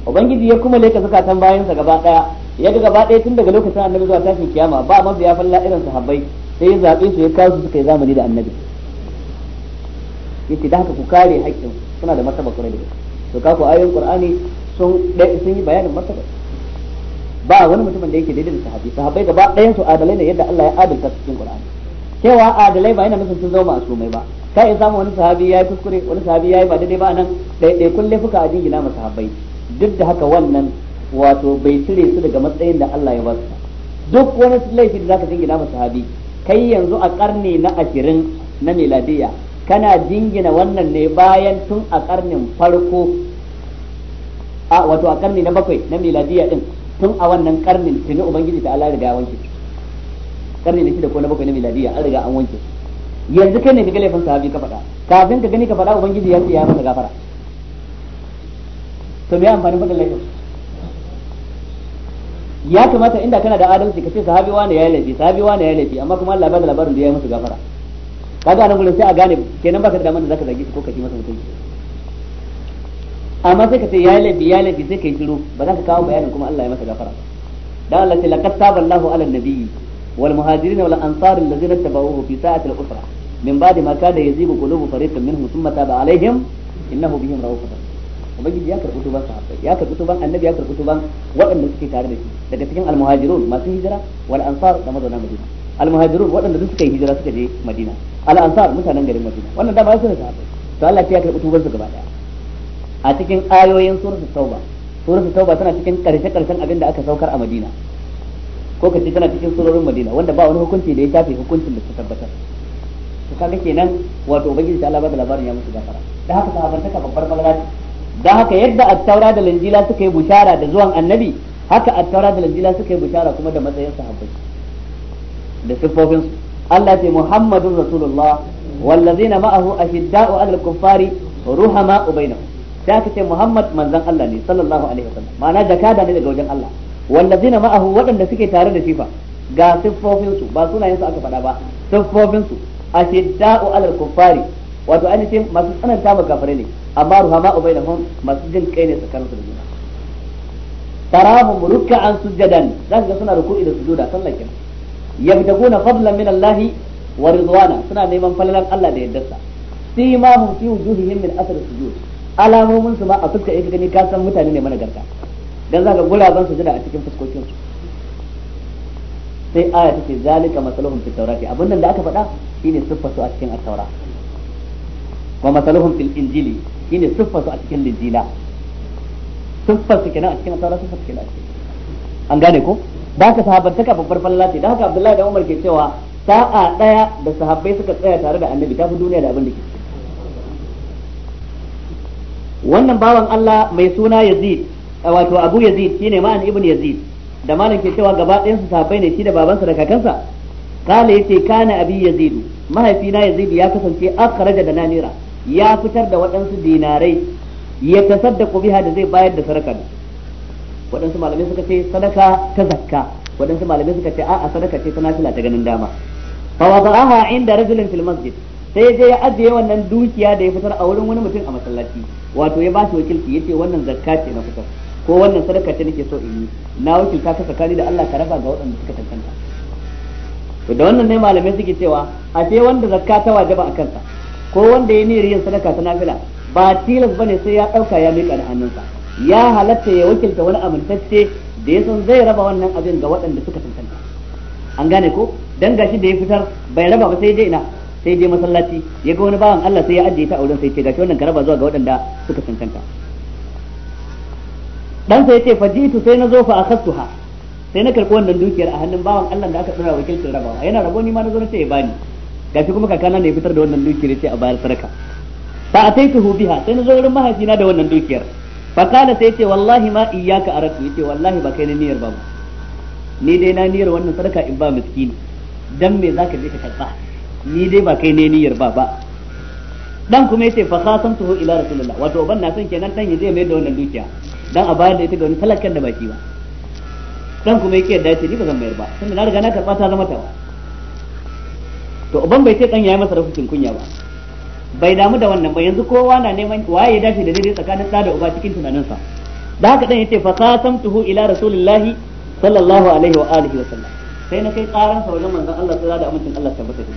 ubangiji ya kuma leka zakatan sa gaba daya ya ga gaba daya tun daga lokacin annabi zuwa tashin kiyama ba ya falla irin sahabbai sai ya zabe su ya kawo su suka zamani da annabi yace da haka ku kare haƙƙin suna da martaba kurai da to ka ku ayoyin qur'ani sun sun yi bayanin martaba ba wani mutumin da yake daidai da sahabi sahabai gaba ɗayan su adalai ne yadda Allah ya adalta cikin Qur'ani cewa adalai ba yana nufin sun zama sumai ba kai in samu wani sahabi ya yi kuskure wani sahabi ya yi ba daidai ba nan ɗaiɗai kun laifuka a jingina ma sahabai duk da haka wannan wato bai cire su daga matsayin da Allah ya ba su duk wani laifi da zaka jingina ma sahabi kai yanzu a karni na ashirin na miladiya kana jingina wannan ne bayan tun a karnin farko a wato a karni na bakwai na miladiya din tun a wannan karnin tuni ubangiji ta Allah riga wanke karni na shida ko na bakwai na miladiya an riga an wanke yanzu kai ne ka ga laifin sahabi ka faɗa kafin ka gani ka faɗa ubangiji ya ce ya masa gafara to me amfani faɗin laifin ya kamata inda kana da adalci ka ce sahabi wani ya laifi sahabi wani ya laifi amma kuma Allah ba da labarin da ya yi masa gafara kaga nan gurin sai a gane kenan baka da damar da zaka zage shi ko ka ji masa mutunci amma sai ka ce ya laifi ya laifi sai ka shiru ba za ka kawo bayanin kuma Allah ya masa gafara dan Allah ce laqad taba ala nabiyyi wal muhajirin wal ansar allazina tabawuhu fi sa'ati usra min ba'di ma kada yazigu qulubu fariqin minhum thumma taba alaihim innahu bihim raufur ubangiji ya karɓi tuban sahabbai ya karɓi tuban annabi ya karɓi tuban waɗanda suke tare da shi daga cikin almuhajirun masu hijira wal ansar da mazauna madina almuhajirun waɗanda suka yi hijira suka je madina al ansar mutanen garin madina wannan dama ya sani sahabbai to Allah ya karɓi tuban su gaba daya a cikin ayoyin suratul tauba suratul tauba tana cikin karshe karshen abin da aka saukar a madina ko kace tana cikin surorin madina wanda ba wani hukunci da ya tafi hukuncin da ta tabbatar to kaga kenan wato ubangiji ta Allah ba da labarin ya musu gafara da haka sahabbantaka babbar magana ce da haka yadda attaura da linjila suka yi bushara da zuwan annabi haka attaura da linjila suka yi bushara kuma da matsayin sahabbai da siffofin su Allah ce Muhammadun Rasulullah wallazina ma'ahu ashidda'u 'alal kuffari ruhama bainahum sai aka ce Muhammad manzon Allah ne sallallahu alaihi wasallam ma'ana jakada ne daga wajen Allah wallazina ma'ahu waɗanda suke tare da shi fa ga siffofin su ba yin su aka faɗa ba siffofin su ashidda'u alal kuffari wato ainihin masu tsananta ma kafare ne amma ruhama ubaynahum masu jin kai ne tsakanin su da juna tarahum ruk'an sujadan zaka suna ruku'i da sujuda sallah kenan yabtaguna fadlan min Allah wa ridwana suna neman falalan Allah da yaddarsa sai ma hum fi wujuhihim min asr sujud alamomin su ma a fuska yake gani ka san mutane ne mana garka, dan zaka gulaban su jira a cikin fuskokin su sai aya take zalika masaluhum fi tawrati abin nan da aka faɗa shine siffar su a cikin at-taura wa masaluhum fil injili shine siffar su a cikin injila siffar su kenan a cikin at-taura siffar su kenan a an gane ko ba ka ka babbar falala da haka Abdullahi da Umar ke cewa sa'a daya da sahabbai suka tsaya tare da Annabi ta fi duniya da abin da ke wannan bawan Allah mai suna Yazid wato Abu Yazid shine ma'an ibn Yazid da malam ke cewa gaba ɗayan su safai ne shi da babansa da kakansa ya yace kana abi Yazid mahaifina Yazid ya kasance akhraja da nanira ya fitar da waɗansu dinarai ya tasaddaqu biha da zai bayar da sadaka waɗansu malamai suka ce sadaka ta zakka waɗansu malamai suka ce a'a sadaka ce ta nafila ta ganin dama fa wada'aha inda rajulin fil masjid sai je ya ajiye wannan dukiya da ya fitar a wurin wani mutum a masallaci wato ya ba shi wakilci ya ce wannan zakka ce na fitar ko wannan sadaka ce nake so in yi na wakilta ka tsakani da Allah ka raba ga waɗanda suka tantanta to da wannan ne malamai suke cewa a ce wanda zakka ta wajaba a kansa ko wanda ya niyyar yin sadaka ta nafila ba tilas bane sai ya dauka ya mika da hannunsa ya halatta ya wakilta wani amintacce da ya san zai raba wannan abin ga waɗanda suka tantanta an gane ko dan gashi da ya fitar bai raba ba sai dai ina sai je masallaci ya ga wani bawan Allah sai ya ajiye ta wurin sai ce gashi wannan karaba zuwa ga waɗanda suka cancanta dan sai ce fajitu sai na zo fa akhastuha sai na karɓi wannan dukiyar a hannun bawan Allah da aka tsara wakilcin rabawa yana rabo ni ma na zo na ce ya bani gashi kuma kakana ne fitar da wannan dukiyar ce a bayar sadaka fa ataituhu biha sai na zo wurin mahaifina da wannan dukiyar fa kana sai ce wallahi ma iyyaka aratu yace wallahi ba kai ne niyyar ba ni dai na niyyar wannan sadaka in ba miskini dan me zaka je ka karba ni dai ba kai ne niyyar ba ba dan kuma yace fa khasamtuhu ila rasulillah wato ban na son kenan dan yaje mai da wannan dukiya dan a bayar da ita ga wani talakan da baki ba dan kuma yake yadda yace ni ba zan mayar ba tunda na riga na karba ta zama ta to uban bai ce dan yayi masa rafucin kunya ba bai damu da wannan ba yanzu kowa na neman waye ya dace da daidai tsakanin da da uba cikin tunaninsa da haka dan yace fa khasamtuhu ila rasulillah sallallahu alaihi wa alihi wa sallam sai na kai karan sa wajen manzon Allah tsira da amincin Allah tabbata da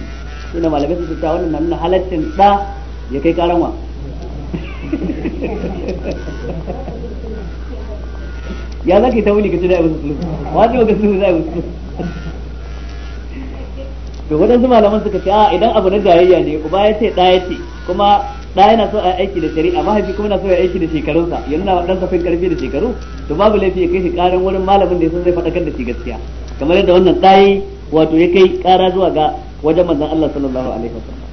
shi ina malamai su ta wannan nan halaccin da ya kai karan wa ya zaka ta wuni kace da abu sulu wajibi ga sulu zai sulu to wadansu malaman suka ce a idan abu na jayayya ne uba ya ce da ya ce kuma da yana so a aiki da shari'a mahaifi kuma na so ya aiki da shekarunsa ya nuna ɗan safin karfi da shekaru to babu laifi ya kai shi karan wurin malamin da ya san zai faɗakar da shi gaskiya kamar yadda wannan tsayi wato ya kai kara zuwa ga wajen manzon Allah sallallahu alaihi wasallam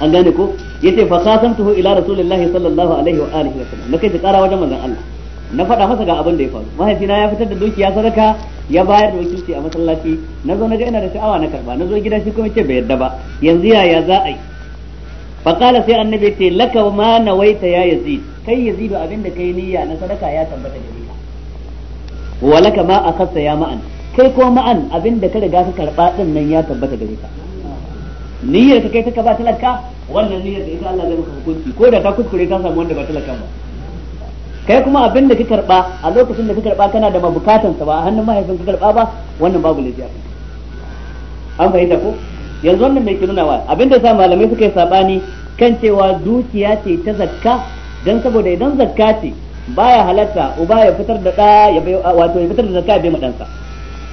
an gane ko yace fa qasamtuhu ila rasulillahi sallallahu alaihi wa alihi wasallam na kai kara wajen manzon Allah na faɗa masa ga abin da ya faru mahaifina ya fitar da dukiya sadaka ya bayar da wakilci a masallaci na zo na ga ina da sha'awa na karba na zo gida shi kuma ce bai yadda ba yanzu yaya za a yi fa qala sai annabi ce laka ma nawaita ya yazid kai yazidu abin da kai niyya na sadaka ya tabbata gare wa laka ma kasa ya ma'an kai ko ma'an abinda ka riga ka karɓa ɗin nan ya tabbata gare ka niyyar ka kai ta ka ba talaka wannan niyyar da ita Allah zai maka hukunci ko da ka kuskure ka samu wanda ba talaka ba kai kuma abin da ka karɓa a lokacin da ka karɓa kana da mabukatan sa ba a hannun mahaifin ka karɓa ba wannan babu laifi an fahimta ko yanzu wannan mai wa abin da sa malamai suka yi sabani kan cewa dukiya ce ta zakka dan saboda idan zakka ce baya halatta uba ya fitar da da ya bai wato ya fitar da zakka ya bai madansa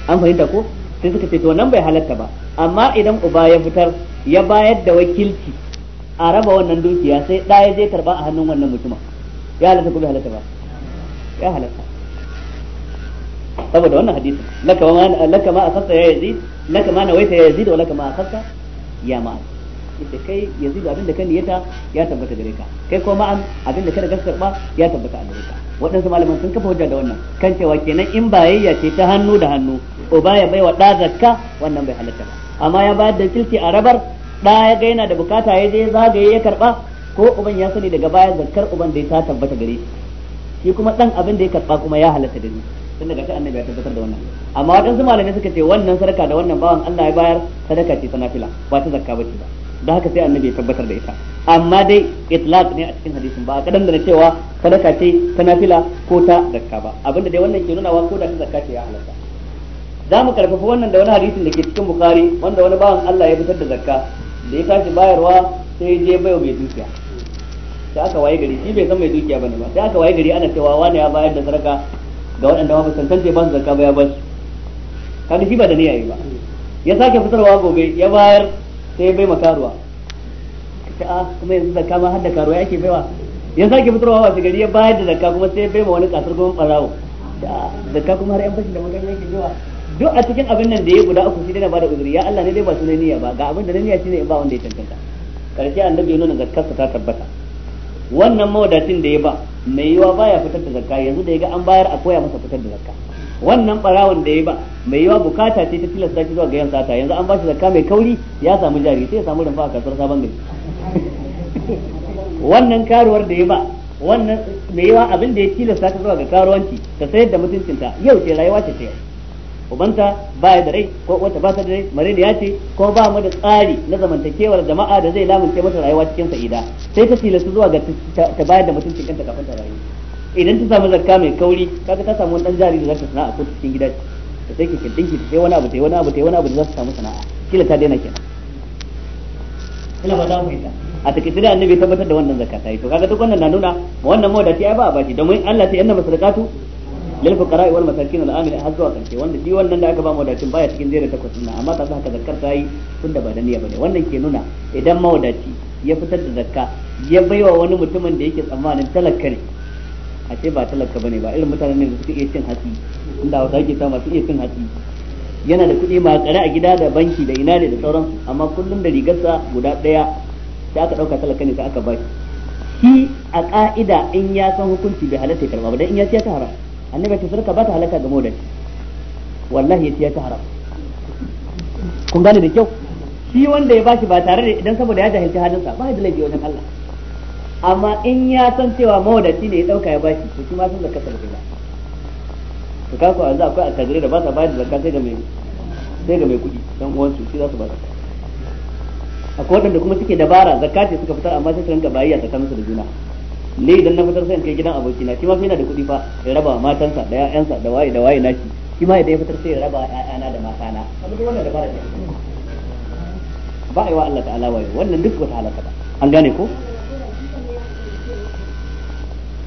an fahimta ko sai suka ce to nan bai halatta ba amma idan uba ya fitar ya bayar da wakilci a raba wannan dukiya sai da ya je karba a hannun wannan mutumin ya halatta ko bai halatta ba ya halatta saboda wannan hadisi laka ma laka ma akasta ya yazi laka ma nawaita ya yazi da laka ma akasta ya ma'a da kai yanzu da abin da ka niyyata ya tabbata gare ka kai kuma an abin da ka da karba ya tabbata a gare ka waɗansu malaman sun kafa hujja da wannan kan cewa kenan in bayayya ce ta hannu da hannu uba ya wa ɗa zakka wannan bai halatta ba amma ya bayar da silki a rabar ɗa ya ga yana da bukata ya je zagaye ya karɓa ko uban ya sani daga baya zakkar uban da ta tabbata gare shi shi kuma ɗan abin da ya karɓa kuma ya halatta da ni tun daga annabi ya tabbatar da wannan amma waɗansu malamai suka ce wannan sadaka da wannan bawan Allah ya bayar sadaka ce ta nafila ba ta zakka ba ce ba da haka sai annabi ya tabbatar da ita amma dai itlaq ne a cikin hadisin ba a kadan da cewa sadaka ce ta nafila ko ta zakka ba abinda dai wannan ke nuna wa ko da ta zakka ce ya halatta za mu karfafa wannan da wani hadisin da ke cikin bukari wanda wani bawan Allah ya fitar da zakka da ya tashi bayarwa sai je baiwa mai dukiya sai aka waye gari shi bai san mai dukiya bane ba sai aka waye gari ana cewa wani ya bayar da sadaka ga waɗanda ba su tantance ba su zakka ba ya ba su kada shi ba da niyya ba ya sake fitarwa gobe ya bayar sai bai makaruwa a ah, kuma yanzu zakka ma har da karuwa yake baiwa yanzu ake fitarwa wasu gari ya bayar da zakka kuma sai bai ma wani kasar gwamnan barawo zakka kuma har yan fashin da magana yake baiwa duk a cikin abin nan da ya guda uku shi dai na bada uzuri ya Allah ne dai ba su niyya ba ga abin da na niyya shine ba wanda ya tantanta karshe annabi ya nuna zakka ta tabbata wannan mawadacin da ya ba mai yiwa baya fitar da zakka yanzu da ya ga an bayar a koya masa fitar da zakka wannan barawon da ya ba mai yawa bukata ce ta tilasta shi zuwa ga yan sata yanzu an ba shi zakka mai kauri ya samu jari sai ya samu rumfa a kasuwar sabon gari (laughs) wannan karuwar da ya ba wannan mai yawa abin da ya tilasta ta zuwa ga karuwanci ta sayar da mutuncinta yau ce rayuwa ce ta yau ubanta ba da rai ko wata ba ta da rai mare da ya ce ko ba mu da tsari na zamantakewar jama'a da zai lamunce mata rayuwa cikin sa'ida sai ta tilasta zuwa ga ta bayar da mutuncin kanta kafin ta rayu idan ta samu zakka mai kauri kaga ta samu dan jari da za ta sana'a ko cikin gida ta sai kikin dinki ta yi wani abu ta yi wani abu ta yi wani abu da za ta samu sana'a kila ta daina kenan kila ba za mu yi ta a take da annabi tabbatar da wannan zakka ta yi to kaga duk wannan na nuna wannan mawadaci yi ba a bashi domin Allah ta yanna masadaqatu lil fuqara wal masakin al amin har zuwa karshe wanda shi wannan da aka ba mawadacin baya cikin jere takwas din amma san haka zakkar ta yi tunda ba da niyya bane wannan ke nuna idan mawadaci ya fitar da zakka ya baiwa wani mutumin da yake tsammanin talaka a ce ba talaka bane ba irin mutanen ne da suka iya cin hatsi inda hausa ke samu su iya cin hatsi yana da kuɗi ma tsare a gida da banki da ina ne da sauransu amma kullum da rigarsa guda ɗaya sai aka ɗauka talaka ne sai aka ba shi a ƙa'ida in ya san hukunci bai halatta ya karɓa ba dan in ya ci ta haram annabi ta sarka ba ta halaka ga modan wallahi ya ci ta haram kun gane da kyau shi wanda ya bashi ba tare da idan saboda ya jahilci halinsa ba ya da laifi wajen Allah amma in ya san cewa mawadaci ne ya dauka ya bashi to shi ma san zakatar sarfi to ka ko yanzu akwai alkajirai da ba sa bayar da zakka sai ga mai sai ga mai kuɗi dan uwansu shi za su ba zakka akwai wadanda kuma suke dabara zakka ce suka fitar amma sai su rinka bayayya tsakaninsu da juna ne idan na fitar sai in kai gidan abokina shi ma sai yana da kuɗi fa ya raba matansa da ƴaƴansa da waye da waye nashi shi ma idan ya fitar sai ya raba ƴaƴana da matana kaga duk wannan dabara ce ba a yi wa Allah ta'ala wayo wannan duk wata halaka ba an gane ko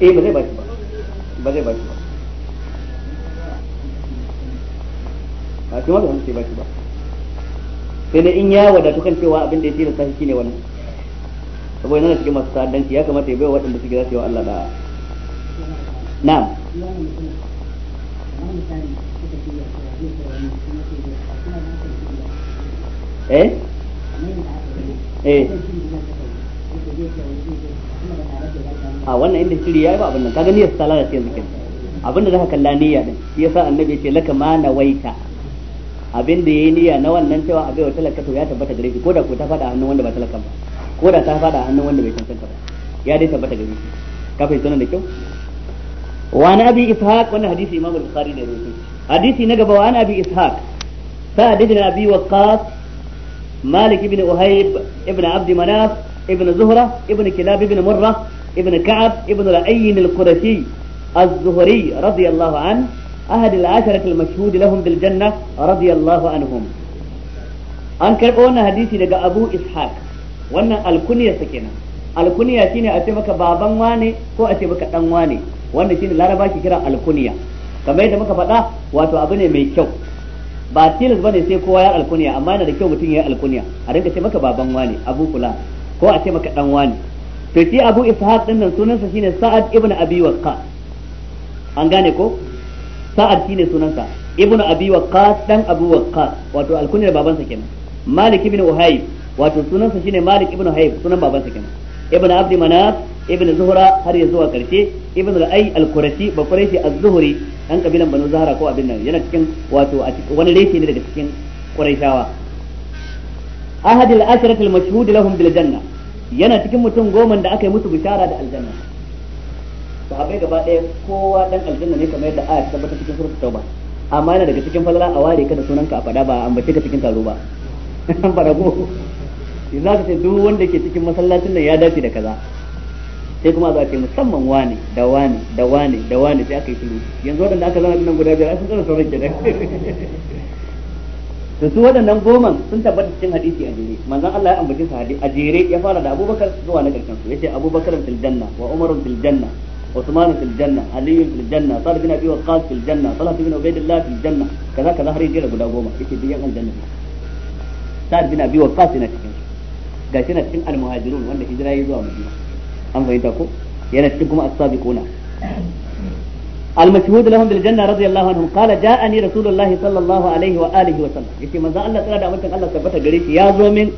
eh ba zai baki ba ba zai baki ba ba kuma ba zai baki ba sai dai in ya wadatu kan cewa abin da ya tilasta shi ne wannan saboda yana cikin masu ta'addanci ya kamata ya bai waɗanda suke za su yi wa Allah da na'am eh eh a wannan inda shiri yayi ba abin nan kaga niyyar salala ce yanzu abinda zaka kalla niyya din shi yasa annabi ce laka ma nawaita abinda yayi niyya na wannan cewa abai wata laka to ya tabbata gare shi ko da ko ta fada hannun wanda ba talaka ba ko da ta fada hannun wanda bai tantance ba ya dai tabbata gare shi ka fahimta nan da kyau wa na abi ishaq wannan hadisi imam bukhari ne rawaito hadisi na gaba wa na abi ishaq sa'adina hadisi na abi waqas malik ibn أهيب ibn عبد مناف ibn zuhra ibn كلاب ibn مرة ابن كعب ابن العين القرشي الزهري رضي الله عنه أحد العشرة المشهود لهم بالجنة رضي الله عنهم an karɓo wannan hadisi daga abu ishaq wannan alkuniya sa kenan alkuniya shine a ce maka baban wane ko a ce maka dan wane wannan shine laraba ki kira alkuniya kamar yadda muka faɗa wato abu ne mai kyau ba tilas bane sai kowa ya alkuniya amma yana da kyau mutum ya yi alkuniya a rinka ce maka baban wani abu kula ko a ce maka dan to shi abu ishaq din nan sunansa shine sa'ad Ibnu abi waqqas an gane ko sa'ad shine sunansa Ibnu abi waqqas dan abu waqqas wato alkunyar babansa kenan malik ibn uhayb wato sunansa shine malik Ibnu uhayb sunan babansa kenan Ibnu Abdi manaf Ibnu zuhra har ya zuwa karshe Ibnu al-ay al-qurashi ba qurashi az-zuhri dan kabilan banu zahra ko abin nan yana cikin wato wani reshe ne daga cikin quraishawa ahad al-ashrat al-mashhud lahum bil janna yana cikin mutum goma da aka yi musu bishara da aljanna sahabbai gaba ɗaya kowa dan aljanna ne kamar yadda aya ta tabbata cikin suratul tauba amma yana daga cikin falala a ware ka da sunanka a fada ba an bace ka cikin taro ba an fara ko za ka ce duk wanda ke cikin masallacin nan ya dace da kaza sai kuma za ka yi musamman wani da wani da wani da wani sai aka yi tulu yanzu waɗanda aka zama nan guda biyar a sun tsara sauran kenan (laughs) to su waɗannan goman sun tabbata cikin hadisi a jere manzon Allah ya ambace su hadisi a jere ya fara da Abubakar zuwa na karshen su yace Abubakar fil janna wa Umar fil janna Usman fil janna Ali fil janna Sa'd bin Abi Waqqas fil janna Talha bin Ubaydillah fil janna kaza kaza har jere guda goma yace duk yan aljanna Sa'd bin Abi Waqqas yana cikin shi na cikin al-muhajirun wanda hijira yi zuwa Madina an fahimta ko yana cikin kuma as-sabiquna المشهود لهم بالجنة رضي الله عنهم قال جاءني رسول الله صلى الله عليه وآله وسلم يتي من الله تعالى دا أمتن الله ثبت قريش يا زومن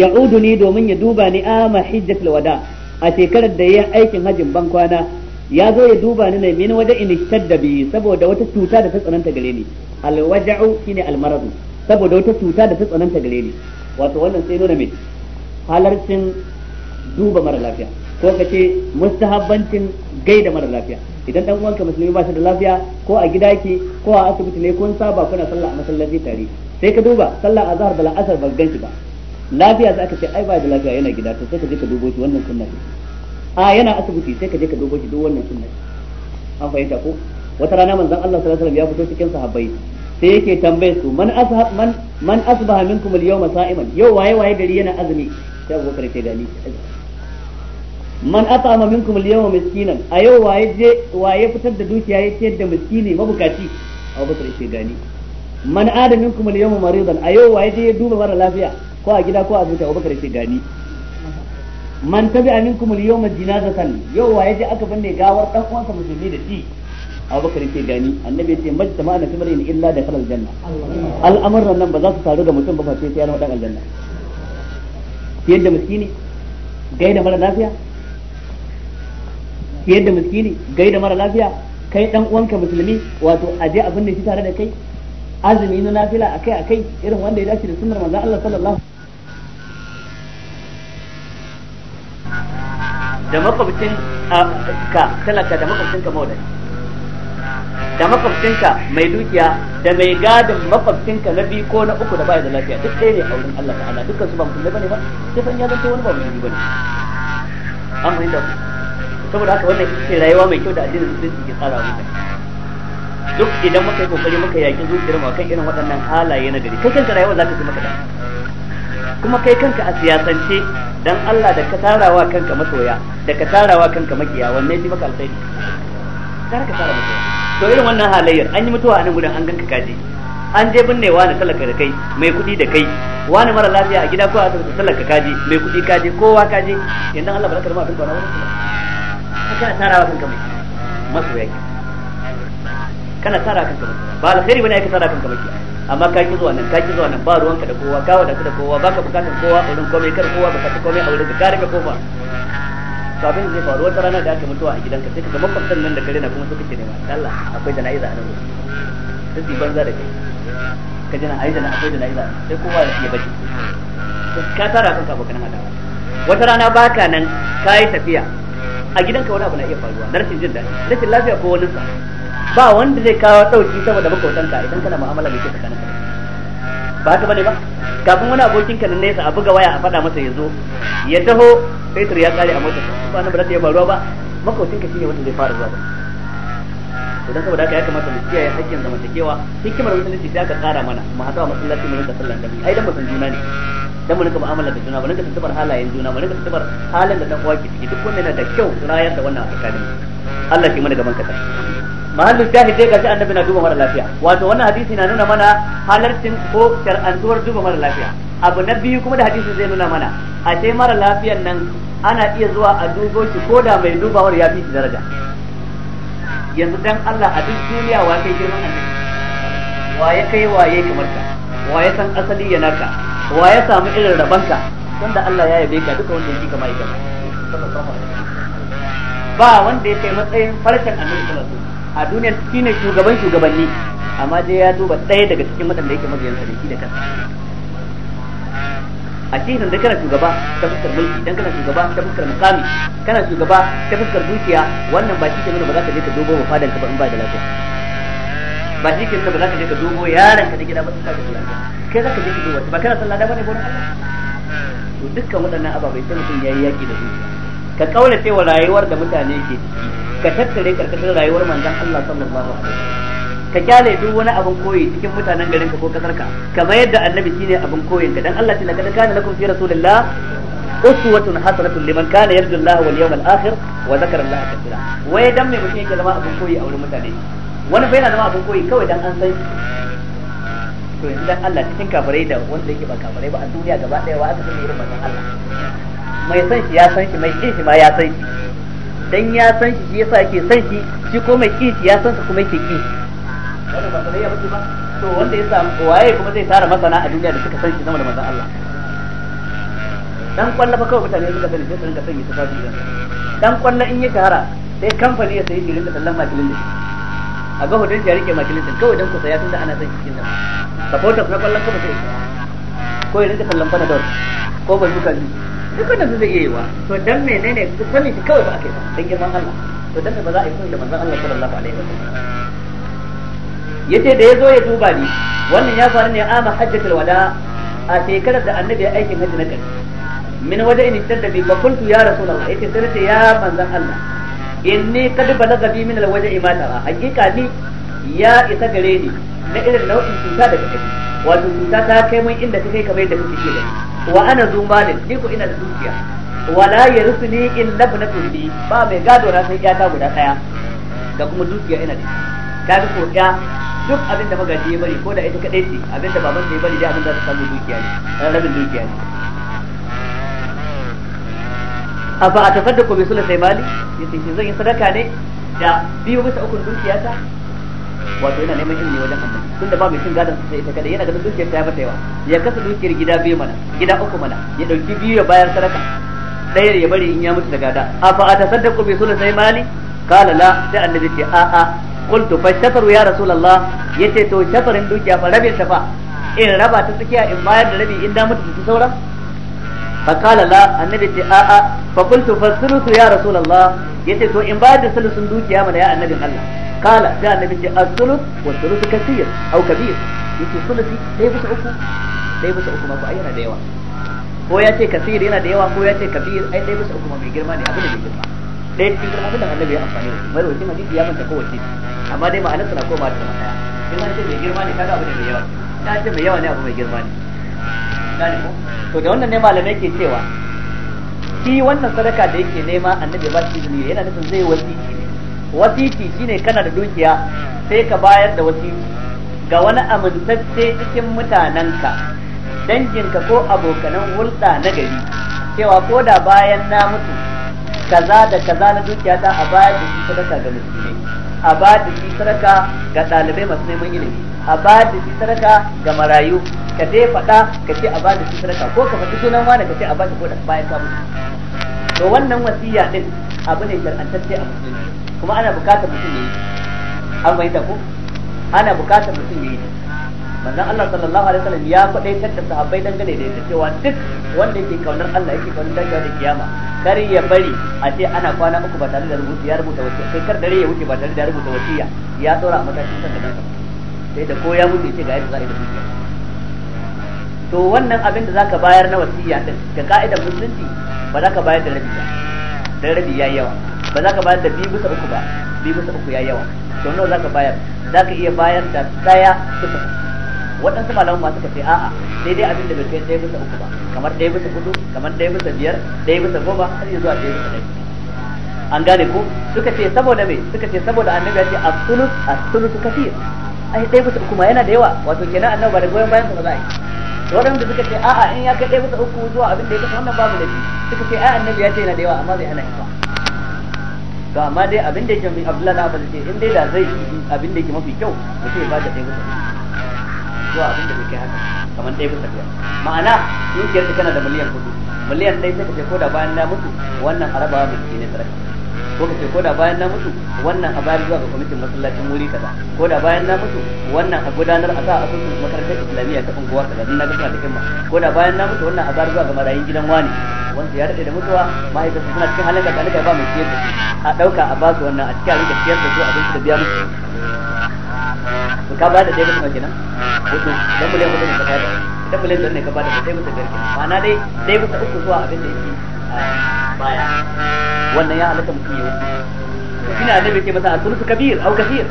يعودني دومن يدوباني آم حجة الوداع أشيكرت دي أيكن هجم بانكوانا ya zo ya duba ni ne min waje in shadda bi saboda wata cuta da ta tsananta gare ni alwaja'u shine almarad saboda wata cuta da ta tsananta gare ni wato wannan sai nuna me halarcin duba mara lafiya ko mustahabbancin gaida mara lafiya idan dan uwanka musulmi ba shi da lafiya ko a gida yake ko a asibiti ne kun saba kuna sallah a masallaci tare sai ka duba sallah azhar da la'asar ban ganshi ba lafiya sai ka ce ai ba da lafiya yana gida to sai ka je ka dubo shi wannan sunna a yana asibiti sai ka je ka dubo shi duk wannan sunna an fahimta ko wata rana manzon Allah sallallahu alaihi wasallam ya fito cikin sahabbai sai yake tambaye su man asbaha man man asbaha minkum al-yawma sa'iman yau waye waye gari yana azumi sai Abubakar ya ce gani man ma minkum al-yawma miskinan a yau waye je waye fitar da dukiya ya da miskini mabukaci Abu Bakar yace gani man ada minkum al-yawma maridan a yau waye je duba mara lafiya ko a gida ko a asibiti Abu Bakar yace gani man a minkum al-yawma jinazatan yau waye je aka binne gawar dan uwansa musulmi da shi Abu Bakar yace gani annabi yace majtama'a na in illa da kalal janna al'amuran nan ba za su taru da mutum ba face sai ya zama dan aljanna yadda miskini gaida mara lafiya ciyar da miskini gai da mara lafiya kai dan uwanka musulmi wato a je abin da shi tare da kai azumi na nafila akai akai irin wanda ya dace da sunnar manzon Allah sallallahu da makwabcin ka talaka da makwabcin ka maudai da makwabcin ka mai dukiya da mai gadin makwabcin ka na biyu ko na uku da baya da lafiya duk ɗaya ne a wurin Allah ta'ala dukkan su ba mutum ne ba ne ba sai fa ya zanto wani ba mutum ne an fahimta ku saboda haka wannan ita ce rayuwa mai kyau da addinin musulunci ke tsara mu duk idan muka yi kokari muka yaki zuciyar mu kan irin waɗannan halaye na gari kai kanka rayuwar zaka ji maka da kuma kai kanka a siyasance dan Allah da ka tarawa kanka masoya da ka tarawa kanka makiya wanne ya maka alƙairi kar ka tara masoya to irin wannan halayyar an yi mutuwa a nan gudan an ganka kaje an je binne wani talaka da kai mai kuɗi da kai wani mara lafiya a gida ko a asibiti talaka kaje mai kuɗi kaje kowa kaje idan Allah ba ka rama abin kwana wani kana tarawa kanka mai masoya ki kana tara kanka mai ba alkhairi bane ka tara kanka mai amma ka ki zuwa nan ka ki zuwa nan ba ruwanka da kowa ka wadatu da kowa baka bukatar kowa wurin komai kar kowa baka ta komai a wurin ka rika kofa kafin zai faru wata rana da aka mutuwa a gidanka sai ka ga makwabtan nan da kare na kuma suka ce ne ma Allah akwai da na'iza a nan sai su banza da kai ka jana ai na akwai da na'iza sai kowa ya bace ka tara kanka abokan hada wata rana baka nan ka yi tafiya a gidanka wani abu na iya faruwa na rashin jin daɗi rashin lafiya ko wani sa ba wanda zai kawo ɗauki saboda makautanka idan kana mu'amala mai kyau tsakaninka ba haka bane ba kafin wani abokin ka nan nesa a buga waya a faɗa masa ya zo ya taho fetur ya kare a motar ba na ba ta iya faruwa ba makautin ka shine wanda zai fara zuwa to dan saboda haka ya kamata mu kiyaye hakkin zamantakewa hikimar ce sai aka tsara mana mu hada masallaci mu rinka sallan jami'a ai dan mutum juna ne dan mu rinka mu'amala da juna mu rinka tuntubar halayen juna mu rinka tuntubar halin da dan uwa ke ciki duk wanda yana da kyau rayar da wannan tsakanin Allah shi mana gaban kasa mahallu shahid dai gashi annabi na duba mara lafiya wato wannan hadisi na nuna mana halartin ko shar'antuwar duba mara lafiya abu na biyu kuma da hadisi zai nuna mana a sai mara lafiyan nan ana iya zuwa a dubo shi ko da mai dubawar ya fi daraja yanzu dan Allah a duk duniya wa kai girman annabi wa ya kai ya kamar ka wa ya san asali ya naka wa ya samu irin rabanka tunda Allah ya yabe ka duka wanda yake mai gaba ba wanda ya kai matsayin farkan annabi sallallahu alaihi wasallam a duniyar shine shugaban shugabanni amma dai ya duba ɗaya daga cikin waɗanda yake mabiyan sa da shi da kansa a cikin da kana shugaba ta fuskar mulki dan kana shugaba ta fuskar mukami kana shugaba ta fuskar dukiya wannan ba shi ke nuna ba za ka je ka dogo wa fadan ka ba in ba da lafiya ba shi ke nuna ba za ka je ka dogo yaron ka da gida ba sai ka da lafiya kai zaka je ka duba ba kana sallah da bane gurin Allah to dukkan waɗannan ababai sai mutum yayi yaki da zuciya ka kaulace wa rayuwar da mutane ke ciki ka tattare karkashin rayuwar manzon Allah sallallahu alaihi wasallam ka kyale duk wani abin koyi cikin mutanen garinka ko kasarka kamar da annabi shine abin koyin ka dan Allah ce laqad kana lakum fi rasulillah uswatun hasanatun liman kana yarju Allah wal yawmal akhir wa dhakara Allah katira wai dan me mutum yake zama abin koyi a wurin mutane wani bai yana zama abin koyi kawai dan an san to yanzu dan Allah cikin kafirai da wanda yake ba kafirai ba a duniya gaba daya wa aka sani irin manzon Allah mai san shi ya san shi mai kin shi ma ya san shi dan ya san shi yasa yake san shi shi ko mai kin shi ya san shi kuma yake kin shi wannan ba tarayya bace ba to wanda ya samu waye kuma zai tara masana a duniya da suka san shi sama da manzon Allah dan kwalla fa kawai mutane suka sani sai su rinka sanya tafafi dan kwalla in ya shahara sai kamfani ya sayi shi rinka sallan makilin da shi a ga hoton shi ya rike makilitin kawai don kusa ya tun da ana son cikin nan supporters na kwallon kuma sai ko ya rike bana don ko duka ji duk wannan zai iya yiwa to dan menene ku sani shi kawai ba aka yi ba dan girman Allah to dan ba za a yi koyi da manzon Allah sallallahu alaihi wasallam yace da yazo ya duba ni wannan ya faru ne a ma hajjatul wada a shekarar da annabi ya aikin hajji na kai min wada in tadda bi fa kuntu ya rasulullah yace sai ya manzon Allah inni kada balagha bi min alwaja imata hakika ni ya isa gare ni na irin nau'in cuta da kake wato cuta ta kai mun inda kake kamar yadda kake ke da wa ana zumalin ni ko ina da dukiya wala yarsuni illa ibnatun li ba mai gado na sai ta guda daya da kuma dukiya ina da ga ko ya duk abin da magaji ya bari ko da ita kadai ce abin da baban ya bari da abin da ta samu dukiya ne rabin dukiya ne A afa a tasaddaqu bi sai mali yace shi zan yi sadaka ne da biyu bisa ukun dukiyata wato yana neman ilimi wajen Allah tunda ba mai cin gadon su sai ita kada yana ganin dukiyar ta mata yawa ya kasa dukiyar gida biyu mana gida uku mana ya dauki biyu ya bayar sadaka ɗayar ya bari in ya mutu da gada afa a tasaddaqu bi sulasai mali qala la sai annabi ce a a qultu fa shataru ya rasulullah yace to shatarin dukiya fa rabin ta fa in raba ta tsakiya in bayar da rabi in da mutu da sauran فقال لا النبي تي آآ آه فقلت فالثلث يا رسول الله yace to in bayar da sulusun dukiya mana ya annabin Allah kala sai annabi ce as-sulus wa sulus kaseer au kabir yace sulusi dai bisa uku dai uku ma ba yana da yawa ko ya ce kaseer yana da yawa ko ya ce kabir ai dai bisa uku ma mai girma ne abin da bai girma dai cikin girma da annabi ya amfani da shi mai wajen hadisi ya manta kowace amma dai ma'anar tana koma ta daya in an ce mai girma ne kaga abin da mai yawa ta ce mai yawa ne abu mai girma ne gane to da wannan ne malamai ke cewa shi wannan sadaka da yake nema annabi ba shi izini yana nufin zai wasiki ne wasiki shine kana da dukiya sai ka bayar da wasiki ga wani amintacce cikin mutanenka danginka ko abokanan hulɗa na gari cewa ko da bayan na mutu kaza da kaza na dukiya ta a bayar da shi sadaka ga musulmi a bayar da shi sadaka ga ɗalibai masu neman ilimi a ba da shi sadaka ga marayu ka dai faɗa ka ce a ba da shi sadaka ko ka faɗi sunan wani ka ce a ba da kuɗin bayan ka mutu to wannan wasiya din abu ne shar'antacce a musulmi kuma ana bukatar mutum yayi an bai ta ko ana bukatar mutum yayi manzon Allah sallallahu alaihi wasallam ya faɗaitar da sahabbai dangane da yadda cewa duk wanda yake kaunar Allah yake kaunar dakiya da kiyama kar ya bari a ce ana kwana uku ba tare da rubuta ya rubuta wasiya kai kar dare ya wuce ba tare da rubuta wasiya ya tsora a matakin sanda da kansa sai da ko ya mutu ce ga yadda za a yi da dukiya to wannan abin da zaka bayar na wasiya din da ka'idar musulunci ba za ka bayar da rabi ba da rabi yayi yawa ba za ka bayar da biyu bisa uku ba biyu bisa uku yayi yawa to nawa za ka bayar za ka iya bayar da daya bisa waɗansu malamu masu kafe a'a sai dai abin da bai kai ɗaya bisa uku ba kamar ɗaya bisa hudu kamar ɗaya bisa biyar ɗaya bisa goma har zuwa ɗaya bisa ɗaya an gane ko suka ce saboda me suka ce saboda annabi ya ce as-sulus as-sulus ai ɗaya bisa uku ma yana da yawa wato kenan annabi ba da goyon bayan sa ba za a yi waɗanda suka ce a'a in ya kai ɗaya bisa uku zuwa abin da ya kasa wannan babu da shi suka ce ai annabi ya ce yana da yawa amma bai hana shi ba to amma dai abin da yake mai Abdullahi da Abbas ce in dai da zai abin da yake mafi kyau mutum ya ba da ɗaya bisa zuwa abin da bai kai haka kamar ɗaya bisa biyar ma'ana dukiyar ta kana da miliyan kudu miliyan dai sai ka ce ko da bayan na mutu wannan arabawa mai kine sadaka ko ka ce ko da bayan na mutu wannan a bayar zuwa ga kwamitin masallacin wuri kaza ko da bayan na mutu wannan a gudanar a sa a asusun makarantar islamiyya ta unguwa kaza dan na ga suna da himma ko da bayan na mutu wannan a bayar zuwa ga marayin gidan wani wanda ya daɗe da mutuwa ma'aikata suna cikin halin da ɗalika ba mai ciyar da a dauka a basu wannan a cikin abin da ciyar da su abinci da biya musu to ka ba da ɗaya mutum kenan hudu dan miliyan hudu ka ba da dan miliyan biyar ne ka ba da ɗaya mutum biyar kenan ma'ana dai ɗaya mutum uku zuwa abin da yake ah, baya wannan ya halatta mutum ya wuce ina annabi ce masa asulu kabir au kafir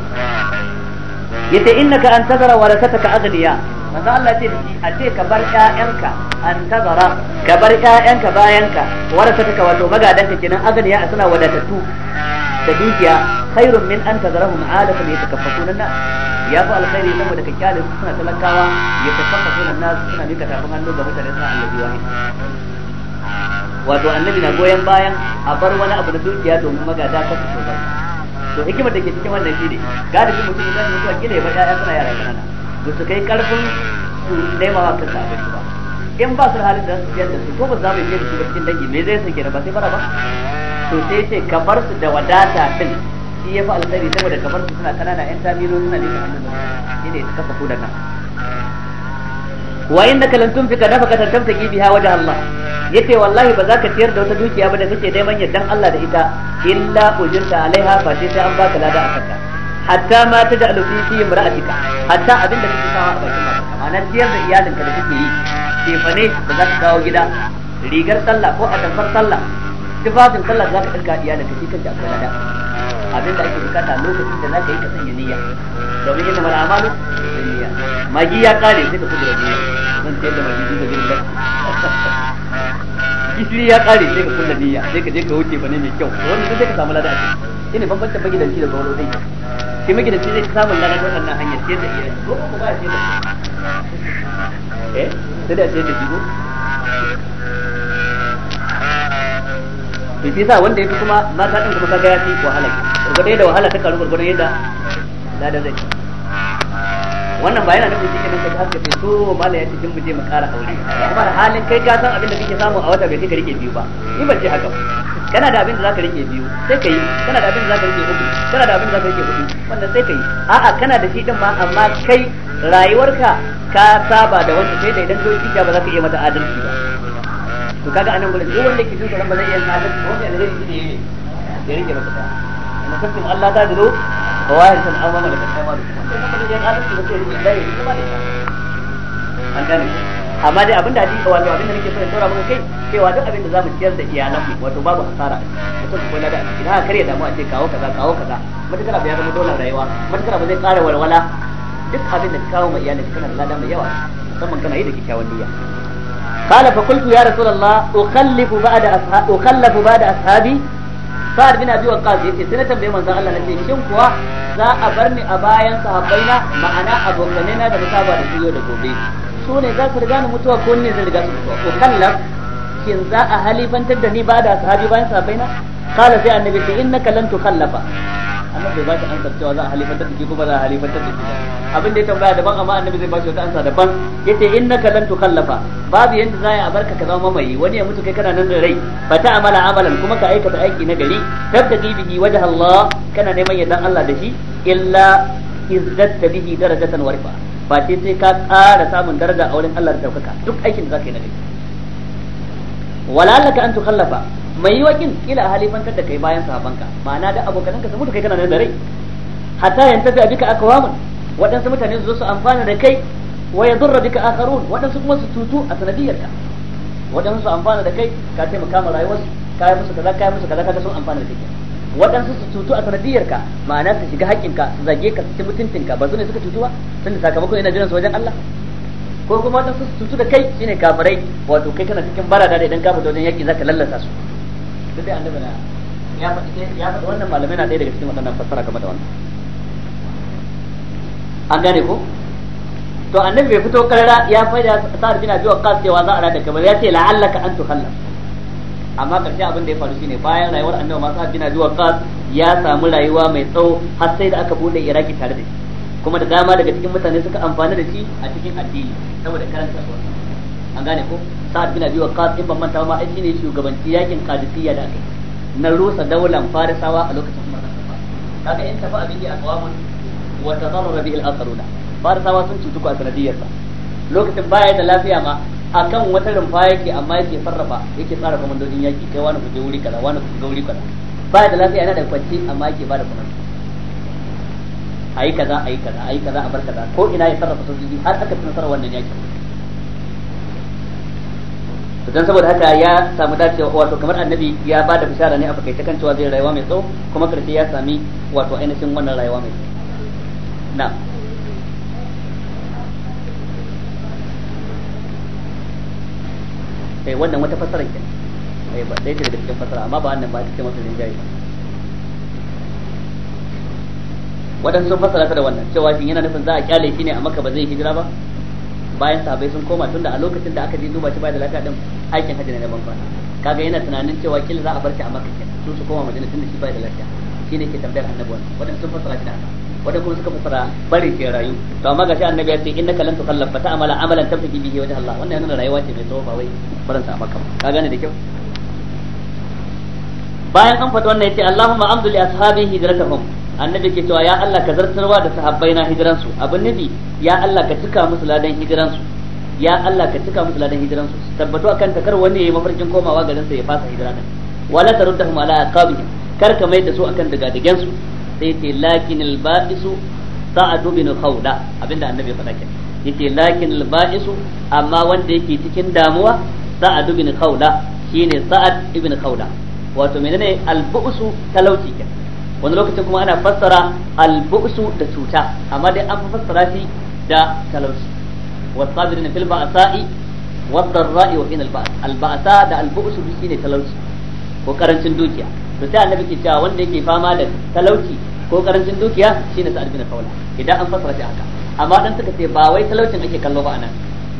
yace ka an tazara warasataka aghniya manzo Allah ce da shi a ce ka bar ƴaƴanka an tazara ka bar ƴaƴanka bayanka warasataka wato magadanka kenan aghniya suna wadatattu da dukiya khairun min an tazarahum alatan yatakaffafuna nas ya fi alkhairi saboda ka kyale su suna talakawa ya yatakaffafuna nasu suna mika tafin hannu ga mutane suna annabi wahid wato annabi na goyon bayan a bar wani abu na dukiya domin magada ta su ba to hikimar da ke cikin wannan shine galibi mutum idan mutuwa kila ya ba ya suna yara kanana ba su kai karfin su nema wa kansa abinci ba in ba su halin da su ciyar da su ko ba za mu yi da su ba cikin dangi me zai sake da ba sai fara ba to sai ce ka bar su da wadata din shi ya fi alkhairi saboda bar su suna kanana yan tamiro suna ne ta hannun shi ne ta da kudanna wa innaka lan tunfika ta tamtaki biha wajen Allah yace wallahi ba za ka ciyar da wata dukiya ba da kake neman yardan Allah da ita illa ujirta alaiha fa sai an baka lada a kanta hatta ma ta da alufi fi imra'atika hatta abin da kake sawa a bakin matarka ma'ana ciyar da iyalinka da kake yi kefane da za ka kawo gida rigar sallah ko a tafar sallah tufafin sallah za ka ɗinka iyalinka shi kanka akwai lada abin da ake bukata lokacin da zaka yi ka sanya niyya domin yadda mala amalu da niyya magi ya kare sai ka kudura niyya don ta yadda magi zuwa da jirga kisiri ya kare sai ka kudura niyya sai ka je ka wuce bane mai kyau wannan sai ka samu lada a shi ne bambancin magidanci da gwamnati dai shi magidanci zai samu lada ta wannan hanyar sai da iya ko ko ba sai da eh sai da sai da jigo to shi yasa wanda kuma mata ɗin kuma kaga ya fi wahala gurgurdan yadda wahala ta karu gurgurdan yadda da zai wannan ba yana nufin cikin ka haske sai so mala ya ce kin muje mu kara aure kuma da halin kai ka san abin da kake samu a wata bai kai ka rike biyu ba ni ban ce haka kana da abin da zaka rike biyu sai kai kana da abin da zaka rike uku kana da abin da zaka rike hudu wannan sai kai a'a kana da shi din ma amma kai rayuwarka ka saba da wanda sai da idan kai kija ba za ka iya mata adalci ba to kaga anan gurin duk wanda ke jin tsoron ba zai iya adalci ba wanda zai yi ne ya rike mata in kuntum Allah ta dilo wa warisan amma da kai ma an gane amma dai abinda hadisi wato abinda nake so in saura maka kai cewa duk abinda zamu ciyar da iyalan mu wato babu hasara mutum ko na da idan aka kare damu a ce kawo kaza kawo kaza matakar abu ya zama dole rayuwa matakar ba zai ƙara walwala duk abin da kawo ma iyalan kana da lada mai yawa musamman kana yi da kikkiawan niyya قال فقلت يا رسول الله أخلف بعد أصحاب أخلف بعد أصحابي sa'ad bin abi waqqas yace sai na tambaye manzon Allah nace shin kuwa za a bar ni a bayan sahabbaina ma'ana abokanai na da saba da su yau da gobe su ne za su riga ni mutuwa ko ne zai riga su mutuwa ko kallan shin za a halifantar da ni ba da sahabi bayan sahabbaina kala sai annabi na kalan lan kallafa. annabi bai ba shi ansar cewa za a halifantar da ko ba za a halifantar da shi abin da ya tambaya daban amma annabi zai ba shi wata ansa daban yace innaka lan tukallafa babu yanda za a barka ka zama mamayi wani ya mutu kai kana nan da rai fa amala amalan kuma ka aikata aiki na gari tabtaqi bihi wajh Allah kana neman yadan Allah da shi illa izzatta bihi darajatan warfa ba sai sai ka ƙara samun daraja a wurin Allah da daukaka duk aikin da zaka yi na gari wala laka an tukallafa mai yi wakin ila a halifantar da kai bayan sahabanka ma'ana da abokanan ka mutu kai kana nan da rai hatta yan tafi abika akwamun waɗansu mutane su zo su amfana da kai wa ya zurra bika akharun waɗansu kuma su tutu a sanadiyarka waɗansu su amfana da kai ka taimaka kama rayuwarsu ka yi musu kaza ka yi musu kaza kaga sun amfana da kai waɗansu su tutu a sanadiyarka ma'ana su shiga haƙƙinka su zage ka su ci mutuntinka ba su ne suka tutu ba da sakamakon yana jiran su wajen Allah ko kuma waɗansu su tutu da kai shine kafirai wato kai kana cikin barada da idan ka fita wajen yaƙi zaka lallasa su duk da annabi na ya faɗi wannan malamai na ɗaya daga cikin waɗannan fassara game da wannan an gane ko to annabi bai fito karara ya faida sa'ad bin abi waqqas cewa za a rada kamar ya ce la'allaka an tuhalla amma karshe abin da ya faru shine bayan rayuwar annabi ma sa'ad bin abi waqqas ya samu rayuwa mai tsawo har sai da aka bude iraki tare da shi kuma da dama daga cikin mutane suka amfana da shi a cikin addini saboda karanta an gane ko sa'ad bin abi waqas in ban manta ma ai shine shugabanci yakin qadisiyya da aka na rusa daular farisawa a lokacin Umar bin Khattab kaga in tafi abin da aqwamun wa tadarrara bi al-akharuna farisawa sun cutu ku a sanadiyarsa lokacin baya da lafiya ma akan wata rumfa yake amma yake sarrafa yake sarrafa mandojin yaki kai wani ku je wuri kaza wani ku ga wuri kaza baya da lafiya yana da kwanci amma yake bada kuma ayi kaza ayi kaza ayi kaza a bar kaza ko ina ya sarrafa sojoji har aka tsara wannan yaki to dan saboda haka ya samu dacewa wato kamar annabi ya bada bishara ne a fakaice kan cewa zai rayuwa mai tsawo kuma karshe ya sami wato ainihin wannan rayuwa mai tsawo na'am eh wannan wata fasara ke eh ba dai da cikin fasara amma ba wannan ba cikin masu rinjaye ba wadansu sun fasara ta da wannan cewa shi yana nufin za a kyale shi ne a maka ba zai hijira ba bayan sahabbai sun koma tunda a lokacin da aka je duba shi ba da lafiya din aikin hajji ne na ban kwana kaga yana tunanin cewa kila za a bar shi a makka su su koma madina tunda shi ba da lafiya shine ke tambayar annabi wannan wadanda sun fassara shi da haka wadanda kuma suka fassara bari ke rayu to amma ga shi annabi ya ce innaka lan tukallaf fa ta'mala amalan tabtaki bihi wajh Allah wannan yana rayuwa ce mai tsawo ba wai barin sa a makka ka gane da kyau bayan an fata wannan yace Allahumma amdu li ashabi hijratahum annabi ke cewa ya Allah ka zartarwa da sahabbai na hijiran su abin nabi ya Allah ka cika musu ladan hijiran su ya Allah ka cika musu ladan hijiran su tabbatu akan takar wanda yayi mafarkin komawa garin sa ya fasa hijira din wala taruddahum ala aqabihim kar ka mai da su akan digadigen su sai ce lakin al-ba'isu sa'adu bin khawda abinda annabi ya faɗa ke yace lakin al-ba'isu amma wanda yake cikin damuwa sa'adu bin khawda shine sa'ad ibn khawda wato menene al-bu'su talauci kenan wani lokacin kuma ana fassara al-bu'su da cuta amma dai an fassara shi da talauci wasabirina fil ba'sa'i wad-dharra'i wa hinal ba's al-ba'sa da al-bu'su ne talauci ko karancin dukiya to sai annabi ke cewa wanda yake fama da talauci ko karancin dukiya shine sa'ad bin kaula idan an fassara shi haka amma dan suka ce ba wai talaucin ake kallo ba anan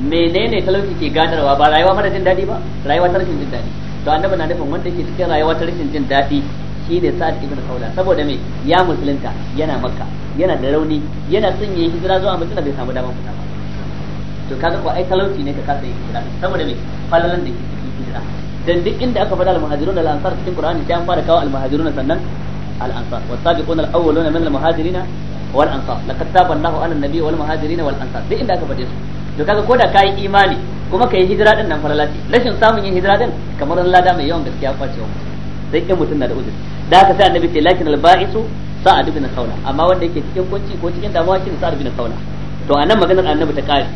menene talauci ke gadarwa ba rayuwa mara jin daɗi ba rayuwa ta rashin jin daɗi to annabi na nufin wanda yake cikin rayuwa ta rashin jin daɗi shine Sa'ad ibn Kaula saboda me ya musulunta yana Makka yana da rauni yana son yayi hijira zuwa Madina bai samu daman fita ba to kaga ko ai talauci ne ka kasa yin hijira saboda me falalan da ke cikin hijira dan duk inda aka faɗa al-muhajirun al-ansar cikin Qur'ani sai an fara kawo al-muhajirun sannan al-ansar was-sabiquna al-awwaluna min al-muhajirin wal-ansar laqad taba Allahu 'ala an-nabiy wal-muhajirin wal-ansar duk inda aka faɗe su to kaga ko da kai imani kuma kai hijira din nan falala rashin samun yin hijira din kamar lada mai yawan gaskiya kwacewa sai in mutum na da uzuri da haka sai annabi ce lakin alba'isu baisu sa'ad ibn khawla amma wanda yake cikin kunci ko cikin damuwa shi sa'ad ibn khawla to anan maganar annabi ta kare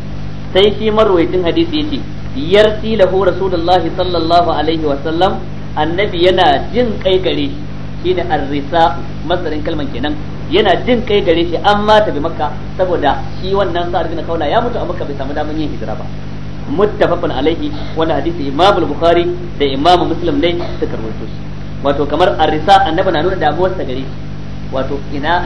sai shi marwayin hadisi yace yarsi lahu rasulullahi sallallahu alaihi wa sallam annabi yana jin kai gare shi shine arrisa masarin kalman kenan yana jin kai gare shi amma ta bi makka saboda shi wannan sa'ad ibn khawla ya mutu a makka bai samu daman yin hijira ba muttafaqun alaihi wannan hadisi imamul al-bukhari da imam muslim ne suka rawaito wato kamar arisa annabi na nuna damuwar sa gare wato ina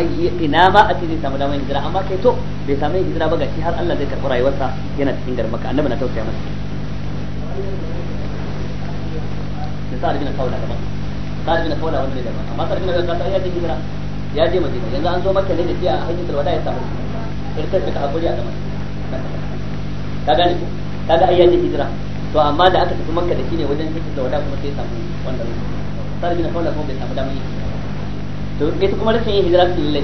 ina ma a cikin samu damar hijira amma kai to bai samu hijira ba gashi har Allah zai karɓi rayuwarsa yana cikin garmaka annabi na tausaya masa da sa sa'ad bin kaula daban sa'ad bin kaula wanda daban amma sa'ad bin kaula ta ya je hijira ya je madina yanzu an zo maka ne da shi a hajjin salwada ya samu irtar da hakuri a zaman ka gane kaga ai ya je hijira to amma da aka tafi makka da shi ne wajen hajjin salwada kuma sai samu wannan sarbi na kawai kuma bai samu damar yin to ita kuma rashin yin hijira su lalle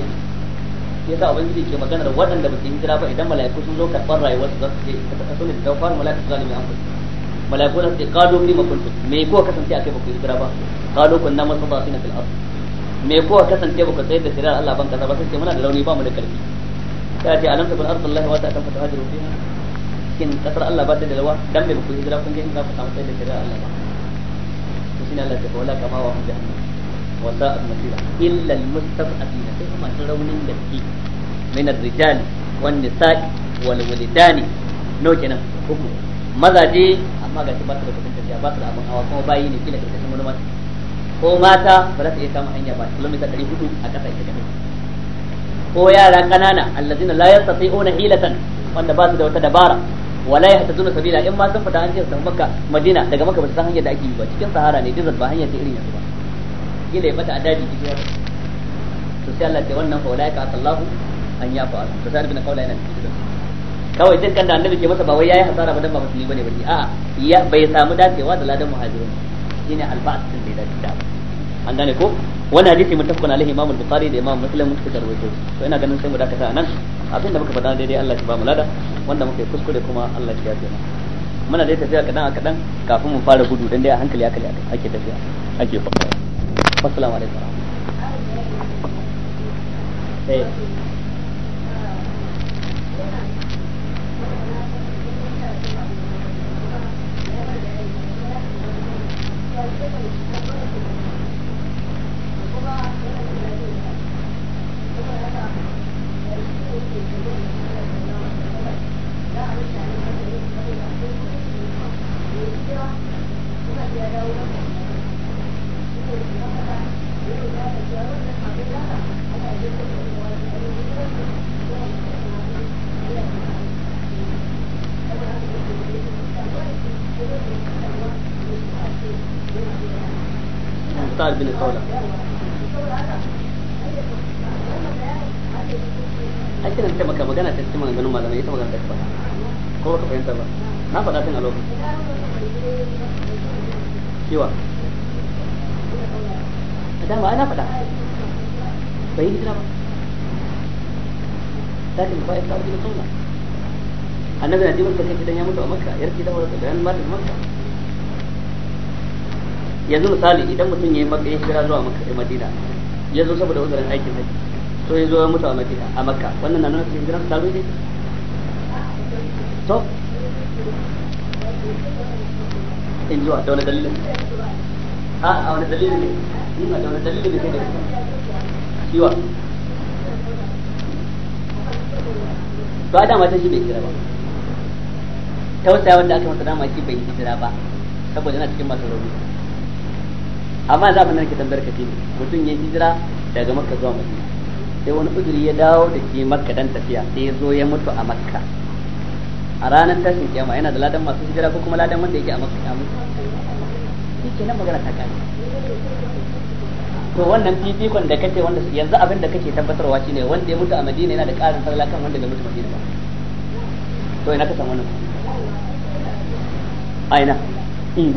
ya sa ubangiji ke maganar waɗanda ba su hijira ba idan mala'iku sun zo karɓar rayuwarsu za su ce ita ta kaso da kawar mala'iku zalimi an kusa mala'iku za su ce kado ma me ko kasance akai ba ku hijira ba kado kun na masu zafi na fil me ko kasance ba ku tsayar da shirar Allah ban kaza ba sai ce muna da rauni ba mu da karfi ta ce alam tabul ardullahi wa ta'atan fatahajiru fiha kin kasar Allah ba ta da lawa dan me ba ku hijira kun ga in za ku samu tsayar da shirar Allah ba shine Allah ta wala kama wa hum wa masira illa sai kuma raunin gaske min ar-rijal wan nisa'i wal no kenan mazaje amma ga ba su da kudin tafiya ba su da abin hawa kuma bayi ne kila wani mata ko mata ba za su iya samun hanya ba kilomita 400 a ita ko yara kanana allazina la yastati'una hilatan wanda ba su da wata dabara wala ya yahtaduna sabila in ma sun fita an ce san makka madina daga makka ba san hanyar da ake yi ba cikin sahara ne dizar ba hanyar ta irin yanzu ba kila ya bata adadi ki wata to sai Allah ya wannan fa wala ya sallahu an ya fa'al to sai bin kaula yana cikin kawai jin kan da annabi ke masa ba wai yayi hasara ba dan ba musulmi bane bane a'a ya bai samu dacewa da ladan muhajirin shine alba's da ya dace an gane ko wani hadisi muttafaqun alaihi imam al-bukhari da imam muslim muka tarwaito to ina ganin sai mu dakata anan abinda muka faɗa daidai Allah ya ba mu lada wanda muka yi kuskure kuma Allah ya yafe muna dai tafiya kadan a kadan kafin mu fara gudu dan dai a hankali hankali ake tafiya ake fara assalamu alaikum eh Thank you. طالب من ake nan taimaka magana ta cikin maganganun malamai ita magana ta ba ko baka fahimta ba na faɗa tun a lokacin cewa a dama ana faɗa bai yi hijira ba ta lakin ba ya kawo sauna sunna annabi na jimar kashe gidan ya mutu a makka ya rike dawo da bayan mata makka yanzu misali idan mutum ya yi makka ya hijira zuwa makka madina yanzu saboda wuzarin aikin haji so ya zo ya mutu a madina a makka wannan na nuna cikin jiran sahabi ne to in zuwa da wani dalilin a a wani dalilin ne ina da wani dalilin ne kai da ciwa to a dama ta shi bai kira ba tausaya wanda aka masa dama shi bai hijira ba saboda yana cikin masu rauni amma za mu nan ke tambayar ka mutum ya hijira daga makka zuwa madina sai wani uzuri ya dawo da ke makka dan tafiya sai ya zo ya mutu a makka a ranar tashin kiyama yana da ladan masu hijira ko kuma ladan wanda yake a makka a makka shi nan magana ta kare to wannan fifikon da kace wanda yanzu abin da kake tabbatarwa shine wanda ya mutu a Madina yana da karin sallah kan wanda ya mutu Madina ba to ina ka san wannan aina ina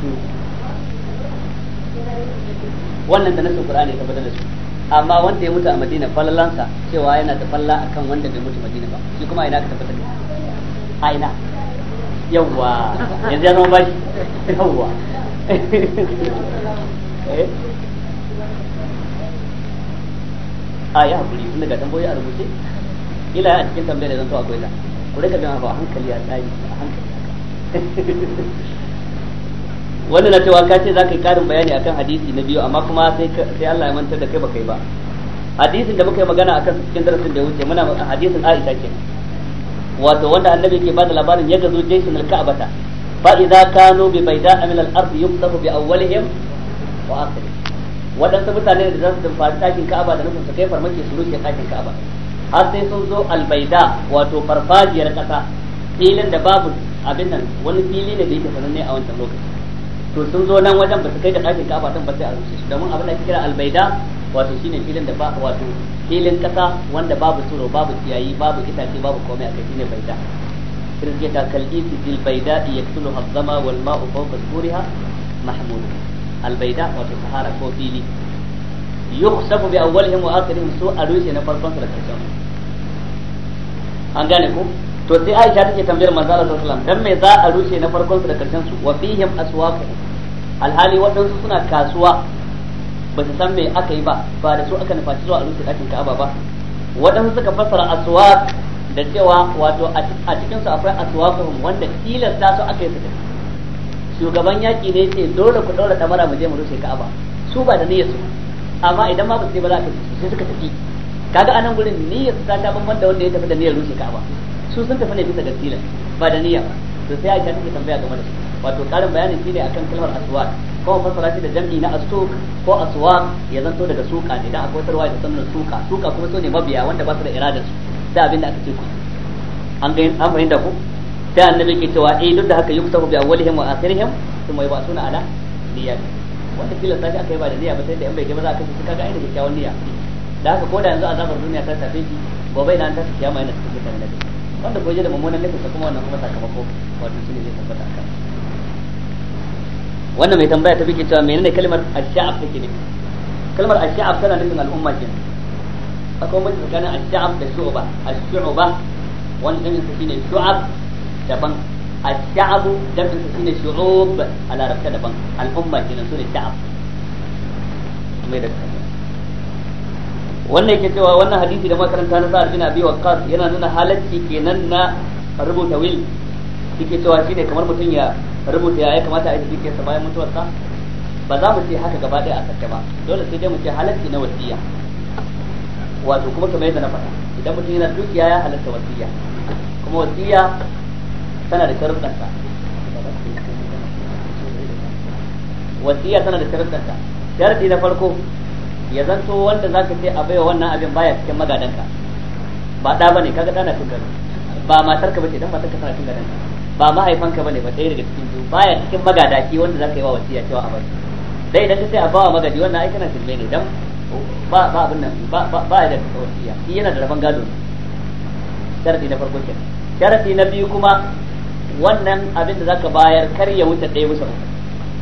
Mm-hmm. wannan da nasu qur'ani ka bada su amma wanda ya mutu a madina fallalansa cewa yana da falla akan wanda bai mutu madina ba shi kuma ina ka tabbatar a ina yawwa yanzu ya zama bashi yawwa eh. a ya hakuri tun daga tamboyi a rubuce ila a cikin tambayar da zan to akwai ta ku rika bin ba a hankali a tsari a hankali (laughs) Wani na cewa ka ce za ka yi karin bayani akan hadisi na biyu amma kuma sai Allah ya mantar da kai ba kai ba hadisin da muka yi magana akan cikin darasin da ya wuce muna hadisin Aisha ke wato wanda annabi ke bada labarin ya gazo jeshin al-Ka'bata fa idza kanu bi bayda min al-ardi yumsahu bi awwalihim wa akhirih wadansu mutane da za su fara takin Ka'aba da nufin su kai farmaki su rufe takin Ka'aba har sai sun zo al-bayda wato farfajiyar kasa filin da babu abin nan wani fili ne da yake sananne a wancan lokaci to sun zo nan wajen ba su kai da ɗakin din ba sai a rushe shi domin abin da ake kira albaida wato shine filin da ba wato filin kasa wanda babu tsoro babu ciyayi babu itace babu komai a kai shine baida irin ta kalisi fil baida hazama wal ma'u fawqa mahmud albaida wato sahara ko fili bi awwalihim wa akhirihim su a rushe na farkon su da karshen an gane ko to sai Aisha take tambayar manzo Allah sallallahu alaihi wasallam dan me za a rushe na farkon su da karshen su wa fihim aswaqu alhali waɗansu suna kasuwa ba su san me aka yi ba ba da su aka nufaci zuwa a rushe dakin Ka'aba ba waɗansu suka fassara aswaq da cewa wato a cikin su akwai aswaquhum wanda da su aka yi su shugaban yaki ne ce dole ku daura damara mu je mu rushe Ka'aba su ba da niyyar su amma idan ma ba su ba za ka sai suka tafi kaga anan gurin niyyar ta ta bambanta wanda ya tafi da niyyar rushe Ka'aba su sun tafi ne bisa ga tilas ba da niyya to sai Aisha take tambaya game da su wato karin bayanin ne akan kalmar aswa ko fasara shi da jam'i na asuk ko aswa ya zanto daga suka ne dan akwai tarwaya da sanin suka suka kuma so ne mabiya wanda ba su da irada su da abinda aka ce ku an ga an fahimta ku sai annabi ke cewa eh duk da haka yuktabu bi awwalihim wa akhirihim thumma suna ala niyya wanda kila sai aka yi ba da niyya ba sai da an bai gaba za a kashe suka ga ai da kyakkyawan niyya da haka ko da yanzu azabar duniya ta tafi shi gobe na ta kiyama yana cikin wanda goje da mummunan nufin kuma wannan kuma sakamako wato shi ne zai tabbata akan wannan mai tambaya ta bike cewa menene kalmar ash-sha'ab take ne kalmar ash-sha'ab tana nufin al'umma kenan akwai wani tsakanin ash-sha'ab da shu'ba ash-shu'ba wanda dan shi shine shu'ab daban ash-sha'ab dan shi shine shu'ub a larabta daban al'umma kenan su ne sha'ab mai da wannan yake cewa wannan hadisi da makaranta na sa'ad bin abi waqqas yana nuna halacci kenan na rubuta will yake cewa shine kamar mutum ya rubuta ya kamata a yi dukkan sa bayan ba za mu ce haka gaba ɗaya a sake ba dole sai dai mu ce halacci na wasiya wato kuma kamar yadda na faɗa idan mutum yana dukiya ya halatta wasiya kuma wasiya tana da sharuɗanta wasiya tana da sharuɗanta sharaɗi na farko ya zanto wanda ka ce a baiwa wannan abin baya cikin magadanka ba ba bane kaga ɗana tun gado ba matar ka ce dan matar ka tana tun gadon ba mahaifan ka bane ba ɗaya daga cikin biyu baya cikin magadaki wanda ka yi wa wasiya cewa a bar dai idan ka ce a bawa magadi wannan aikana kana tilme ne dan ba ba abin nan ba a yi da wasiya shi yana da rabon gado sharadi na farko ke sharadi na biyu kuma wannan abin da zaka bayar kar ya wuce ɗaya bisa uku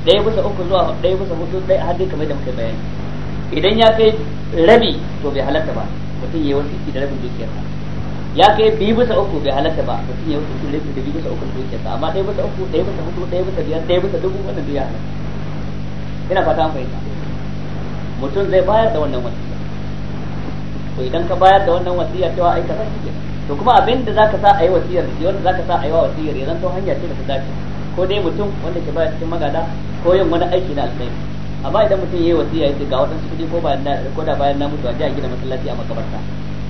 ɗaya bisa uku zuwa ɗaya bisa hudu ɗaya har dai kamar da muka bayani idan ya kai rabi to bai halatta ba mutum ya wasu yake da rabin dukiyar sa ya kai biyu bisa uku bai halatta ba mutum ya wanda yake da biyu bisa uku dukiyar sa amma ɗaya bisa uku ɗaya bisa hudu ɗaya bisa biyar ɗaya bisa dubu wannan duk ya halatta ina fata an fahimta mutum zai bayar da wannan wasiya to idan ka bayar da wannan wasiya cewa ai kaza shi to kuma abin da zaka sa ayi wasiyar da wanda zaka sa ayi wasiyar yanzu zanto hanya ce da ta dace ko dai mutum wanda ke bayar cikin magada ko yin wani aiki na alkhairi amma idan mutum yayi wasiya yace ga wadansu kudi ko bayan na ko da bayan na mutu a jiya gina masallaci a makabarta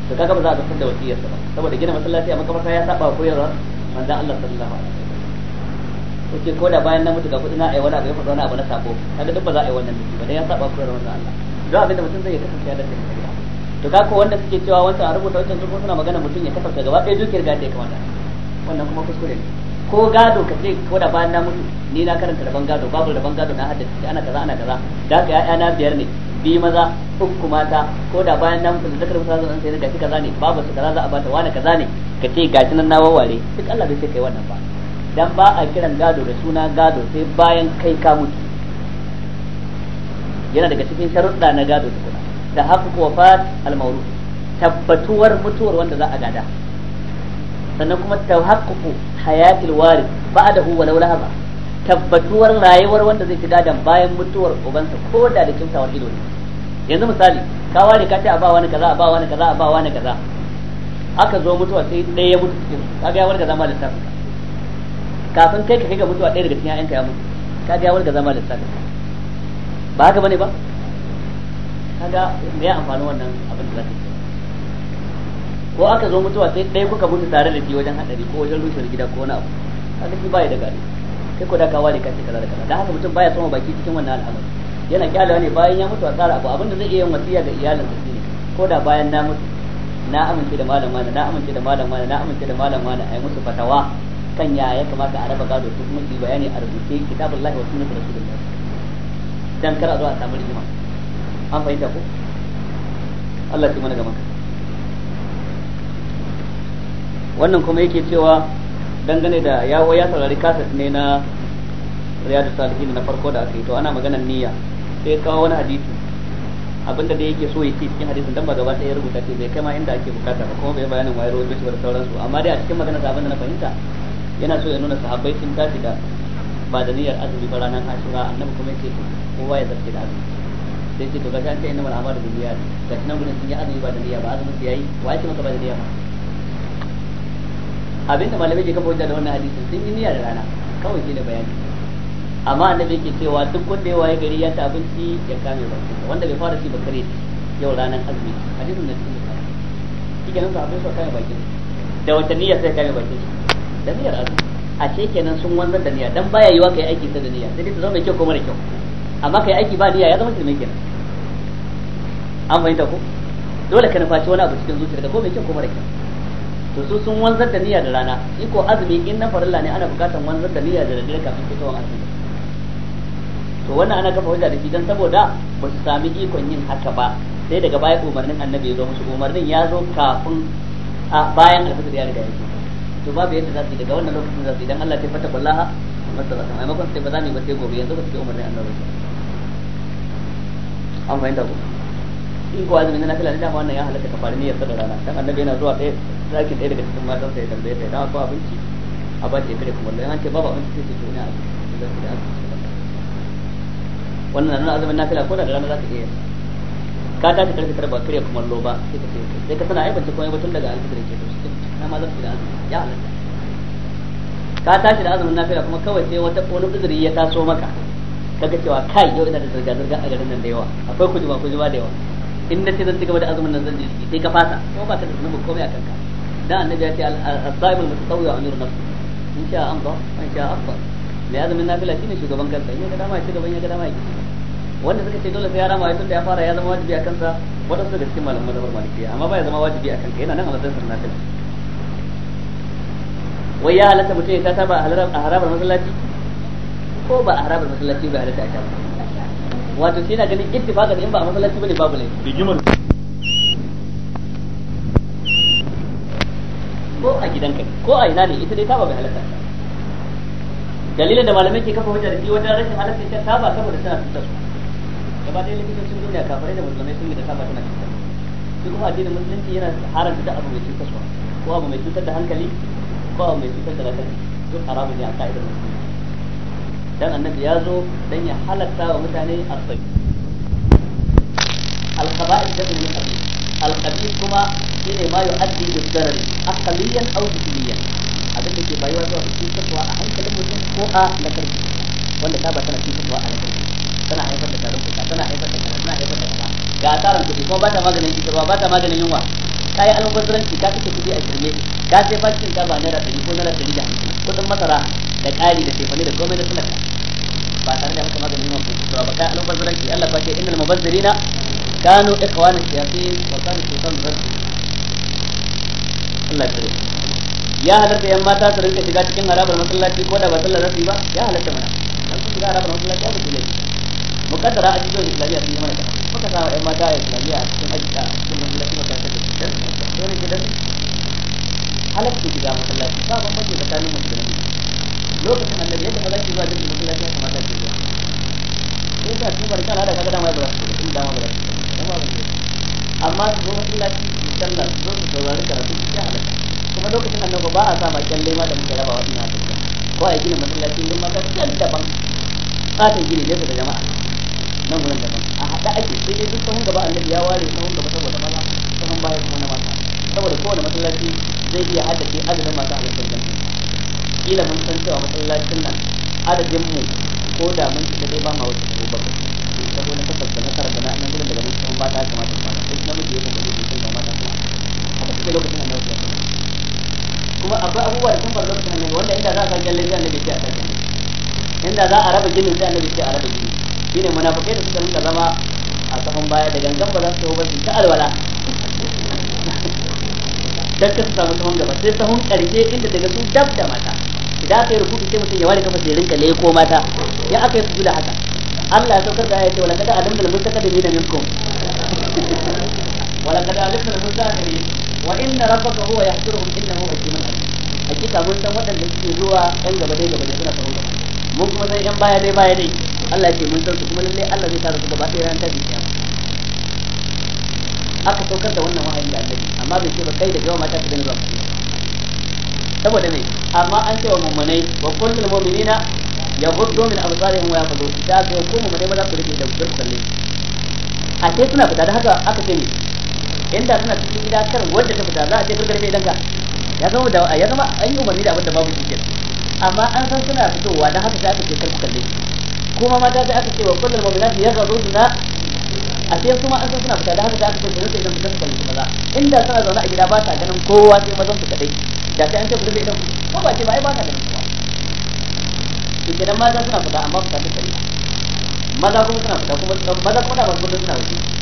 to kaga ba za a zartar da wasiyarsa ba saboda gina masallaci a makabarta ya saba koyarwa manzon Allah sallallahu alaihi wasallam kace ko da bayan na mutu ga kudi na ai wani abu ya fa zauna abu na sako kaga duk ba za a yi wannan duki ba dan ya saba koyarwa manzon Allah duk abin da mutum zai kasance ya dace da shari'a to kaga wanda suke cewa wanda a rubuta wancan zurfin suna magana mutum ya kasance gaba ɗaya dukiyar ga da ya kamata wannan kuma kuskure ne ko gado ka ce ko da bayan na mutu ni na karanta daban gado babu daban gado na haddace ana kaza ana kaza da ka ya'ya na biyar ne bi maza uku mata ko da bayan na mutu da zakar mutu zan sai da kaza ne babu su kaza za a bata wani kaza ne ka ce gashi nan na wawware duk Allah bai sai kai wannan ba dan ba a kiran gado da suna gado sai bayan kai ka mutu yana daga cikin sharuɗa na gado tukuna da haƙƙu wafat al-mawrud tabbatuwar mutuwar wanda za a gada sannan kuma tahaqququ hayatil wari ba'dahu wa laula lahaba tabbatuwar rayuwar wanda zai shiga dan bayan mutuwar ubansa ko da da kimtawar ido ne yanzu misali ka ware ka ce a ba wani kaza a ba wani kaza a ba wani kaza aka zo mutuwa sai ɗaya ya mutu cikin kaga ya warga zama lissafin kafin kai ka kai ga mutuwa ɗaya daga cikin ƴaƴanka ya mutu kaga ya warga zama lissafin ba haka bane ba kaga me ya amfani wannan abin da zaka yi ko aka zo mutuwa sai ɗaya kuka mutu tare da shi wajen hadari ko wajen rushe gida ko wani abu kaga shi baya da gari kai ko da ka ware kace kaza da kaza dan haka mutum baya soma baki cikin wannan al'amari yana kyalewa ne bayan ya mutu a tsara abu abinda zai iya yin wasiya ga sa shine ko da bayan na mutu na amince da malam wani na amince da malam wani na amince da malam wani ai musu fatawa kan ya ya kamata a raba gado su kuma su bayani a rubuce kitabullahi wa sunnatu rasulillah dan kar a zo a samu rigima an fahimta ko Allah ya mana gaban maka. wannan kuma yake cewa dangane da ya ya saurari kasas ne na riyadu salihin na farko da aka yi to ana maganar niyya sai kawo wani hadisi abinda da yake so ya ce cikin hadisin dan ba gaba ɗaya rubuta ce bai kai ma inda ake bukata ba kuma bai bayanin wayar wajen shi da sauransu amma dai a cikin maganar abin da na fahimta yana so ya nuna sahabbai sun tafi da ba da niyyar azumi ba ranar ashura annabi kuma yake kowa ya zarce da azumi sai ce to shi an ce innamal a'malu ga shi nan gudun sun yi azumi ba da niyya ba azumin su yayi wa ce maka ba da niyya ba abinda malamai ke kafa da wannan hadisin sun yi niyyar rana kawai shi da bayani amma annabi yake cewa duk wanda ya waye gari ya ta abinci ya kame baki wanda bai fara ci ba kare yau ranar azumi hadisin da cikin da shi kenan sahabbai suka kame baki da wata niyya sai kame baki da niyyar azumi a ce kenan sun wanzar da niyya dan baya yiwa kai aiki sai da niyya sai dai ta zama mai kyau ko mara kyau amma kai aiki ba niyya ya zama shirme kenan an fahimta ko dole ka nufaci wani abu cikin zuciyarka ko mai kyau ko mara kyau to su sun wanzar da niyya da rana iko azumi in na farilla ne ana bukatan wanzar da niyya da daddare kafin fitowar azumi to wannan ana kafa hujja da shi dan saboda ba su sami ikon yin haka ba sai daga baya umarnin annabi ya zo musu umarnin ya zo kafin a bayan alfitar ya riga yake to babu yadda za su daga wannan lokacin za su idan Allah ta fata ballaha masala kamar maimakon sai ba za mu yi ba sai gobe yanzu ba su umarnin annabi an fahimta ku in ko azumi na nafila ne dama wannan ya halatta kafarin niyyar da rana dan annabi yana zuwa ɗaya zakin ɗaya daga cikin matan sai tambaye ta da akwai abinci a ba ta kare kuma dan ce babu abinci sai ce ina abinci zan da abinci wannan nan azumin nafila ko da rana za ka iya ka ta karfe tarba kare kuma lo ba sai ka ce sai ka sana ai kuma komai ba tun daga alfajir ke to na ma zan ci da azumi ya Allah ka tashi da azumin nafila kuma kawai sai wata wani uzuri ya taso maka kaga cewa kai yau ina da zirga zirga a garin nan da yawa akwai kujima kujima da yawa in na ce zan ci gaba da azumin nan zan ji sai ka fasa kuma ba ka da zunubin komai a kanka da annabi ya ce al al mutatawwi amir nafsi in sha amda in sha afdal mai azumin nafila shine shugaban kansa in ga dama ya ci gaban ya ga dama ya wanda suka ce dole sai ya rama ya tunda ya fara ya zama wajibi a kansa wadansu daga cikin malaman mazhabar malikiya amma baya zama wajibi a kanka yana nan a matsayin nafila wai ya halatta mutum ya tata ba a harabar masallaci ko ba a harabar masallaci ba halatta a wato shi na ganin ittifaqan in ba a masallaci bane babu laifi ko a gidanka ko a ina ne ita dai taba bai halatta dalilin da malamai ke kafa hujjar shi wajen rashin halatta ta taba saboda tana cutar su gaba ɗaya sun duniya kafirai da musulmai sun yi da taba tana cutar su kuma addinin musulunci yana haramta da abu mai cutar su ko abu mai cutar da hankali ko abu mai cutar da lafiya duk haramun ne a ka'idar musulunci dan annabi ya zo dan ya halatta wa mutane asabi al-khaba'ith da al-khabith kuma shine ma yu'addi bi darari aqliyan aw abin da ke bayuwa zuwa ga a hankalin mutum ko a lakarfi wanda ta ba tana a lakarfi tana haifar da tarin fuka tana haifar da tana haifar da ga kuɗi kuma ba ta maganin ba ta maganin yunwa ta yi almubazzaranci ta kake kuɗi a shirme ta sai fakin ta ba naira ɗari ko naira ɗari da hamsin kuɗin masara da ƙari da tefani da komai da sunaka ba tare da maka maganin yunwa ko cutarwa ba yi almubazzaranci Allah ba innal mubazzirina kanu ikhwana shayatin wa kanu shaytanu Allah tsare ya halarta yan mata su rinka shiga cikin harabar masallaci ko da ba sallar rafi ba ya halarta mana dan su shiga harabar masallaci ba su laifi mukaddara a cikin islamiyya sun yi mana kaɗan muka sa yan mata a islamiyya cikin ajiya a cikin masallaci makarantar da cikin sai ne gidan halarta shiga masallaci ba ban bace tsakanin mutum da lokacin annabi yadda ba za ki zuwa jirgin masallaci ya kamata ki zuwa sai sa tubar barkan da kaga dama ya ba za su da dama ba za su da dama ba za su amma su zo masallaci su sallah su zo su saurari karatu su ce halaka kuma lokacin annabi ba a sa ma kyalle ma da muke raba wa ina ta ko a gina masallaci don maka kyan daban fatan gini nesa da jama'a nan gurin daban a haɗa ake sai dai duk sahun gaba annabi ya ware sahun gaba saboda maza sahun baya kuma na mata saboda kowane masallaci zai iya haddace adadin masu halittar su kila mun san cewa masallacin nan adadin mu ko da mun fita dai ba ma wasu ko bakwai saboda kasar da na tara da na nan gurin daga mun ba ta kamata ba namiji ya kamata ya san mata kuma haka suke lokacin annabi kuma akwai abubuwa da sun faru lokacin annabi wanda inda za a san lalle annabi a sake inda za a raba ginin sai annabi sai a raba shi shine munafikai da suka rinka zama a kafan baya da gangan ba za su ba su ta alwala (laughs) dan ka samu sahun gaba sai sahun karshe inda daga su dab da mata idan aka yi rubutu sai mutum ya ware kafa sai rinka leko mata ya aka yi su haka Allah ya saukar da ayati wala kada adam da mutakaddimin minkum ولقد أهلكنا المسافرين وإن ربك هو يحشرهم إنه حكيم عليم hakika mun san waɗanda suke zuwa ɗan gaba dai gaba dai suna sauro mun kuma san ƴan baya dai baya dai Allah ke mun san su kuma lallai Allah zai tara su gaba ɗaya ran tafi kiyama aka saukar da wannan wahayin da annabi amma bai ce ba kai da jama'a ta dinga ba. saboda me amma an ce wa mummunai wa kullul mu'minina yaghuddu min absarihim wa yaqulu ta ce ko mummunai ba za ku rike da kurkalle a sai suna fita da haka aka ce ne inda suna cikin gida kar wanda ta fita za a ce gargare mai danka ya zama da ya zama an yi umarni da abinda babu shi amma an san suna fitowa da haka sai aka ce kar ku kalle kuma mata sai aka ce wa kullul zo yaghuduna a sai kuma an san suna fita da haka sai aka ce ku rufe idan ku kalle za inda suna zaune a gida ba ta ganin kowa sai mazan su kadai da sai an ce ku rufe idan ko ba ce ba ai ba ta ganin kowa to kenan mata suna fita amma fita ta kare maza kuma suna fita kuma maza kuma da ba suna fita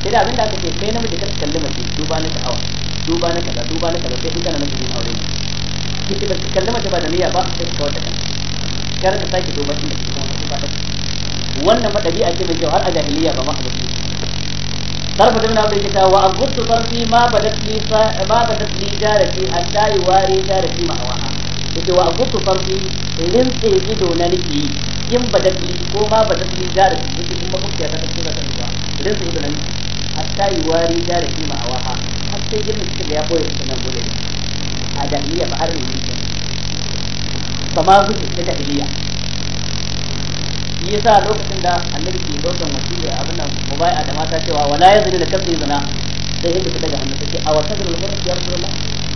sai da abinda aka ce sai namiji ka kalli mace duba na sha'awa duba na kaza duba na kaza sai in kana namiji aure ne kike da kalli mace ba da niyya ba sai ka wata kar ka sake duba shi da kuma wasu ba wannan madabi dabi'a ce mai kyau har a jahiliya ba ma ka musulmi sarfa da nabi yake cewa wa gutsu farfi ma badat li ma badat li jarati hatta wari jarati ma'awaha yake wa gufu farfi rinse ido na nufi yin badadi ko ma badadi jara ki yake kuma kuma ta kace da kanka rinse ido na nufi hatta yi wari jara ki ma awaha har sai girin da ya koyi cikin nan gode a daliliya ba har ne kama gufu ta daliliya shi yasa lokacin da annabi ke daukan wasila abin nan mubai'a da mata cewa wala yazinu da kafin zina sai inda ta daga hannu take a wata da lokacin ya rasulullah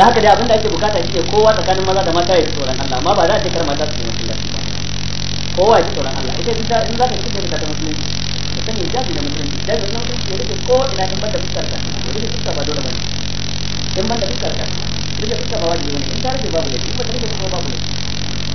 da haka dai abinda ake bukata ne kowa tsakanin maza da mata ya ji tsoron Allah amma ba za a ce kar mata su yi Allah ba kowa ya ji tsoron Allah ita in za ka ji kika ta musulunci ka sani jabi da musulunci jabi da musulunci ya rike ko ina in banda fuskar ka rike fuskar ba dole bane in banda fuskar ka rike fuskar ba wajibi bane in ta rike babu laifi in ba ta rike kuma babu laifi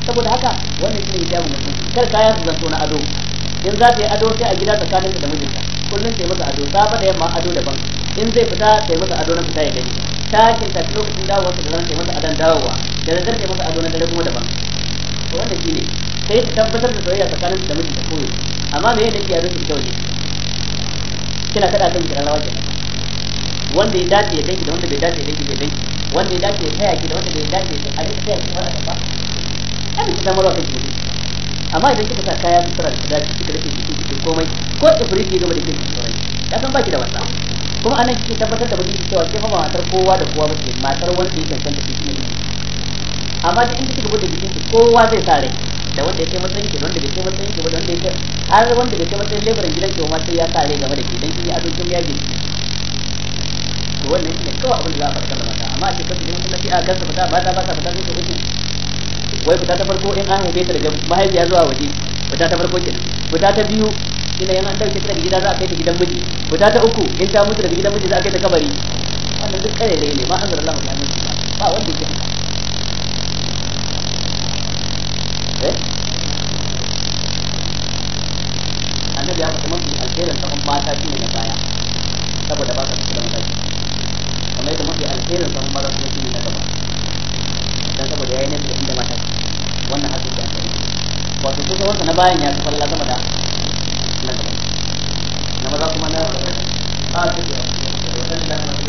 saboda haka wannan shine hijabin musulunci kar kaya su zanto na ado in za ta yi ado sai a gida ta da mijinta kullum ta yi masa ado safa da yamma ado daban in zai fita ta yi masa ado na fita ya gani tashin ta lokacin dawowa ta zama masa adan dawowa da nazar ta masa ado na dare kuma daban to wannan shine sai ta tabbatar da soyayya tsakanin da miji da koyi amma me yake ya zama kyau ne kina kada kan kiran rawa kenan wanda ya dace ya danki da wanda bai dace ya danki bai danki wanda ya dace ya taya ki da wanda bai dace ya a rika taya ki wani ba ai ki samu rawa kanki amma idan kika sa kaya su tsara da dace kika rike ki kike komai ko tsufuri ki gama da kike tsorai ka san baki da wasa kuma anan shi tabbatar da bakin cewa sai fa ba matar kowa da kowa ba ce matar wanda ya cancanta shi ne amma duk inda kike gode jikin ki kowa zai sa rai da wanda yake matsayin ki wanda yake matsayin ki wanda yake har wanda yake matsayin lebaran gidan ki ma sai ya sa rai game da ki dan kin yi ado kin yage to wannan shi ne kawai abin da za a fara da mata amma a ce kasu jin mutum a kansa fita ba ta ba ta fita sai ta uku wai ku ta farko in an haife ta daga mahaifiya zuwa waje fita ta farko kenan fita ta biyu ina yan an dauke ta daga gida za a kai ta gidan miji fita ta uku in ta mutu daga gidan miji za a kai ta kabari wannan duk kare da ne ma an zarallahu ya miji ba wanda yake eh annabi ya kuma mafi alherin tsawon mata shi ne na baya saboda ba ka da mataki kamar yadda mafi alherin tsawon maza kuma shi ne na gaba dan saboda ya yi nesa da inda mata wannan hakan da alherin پہت مل بھائی پر لوگ مر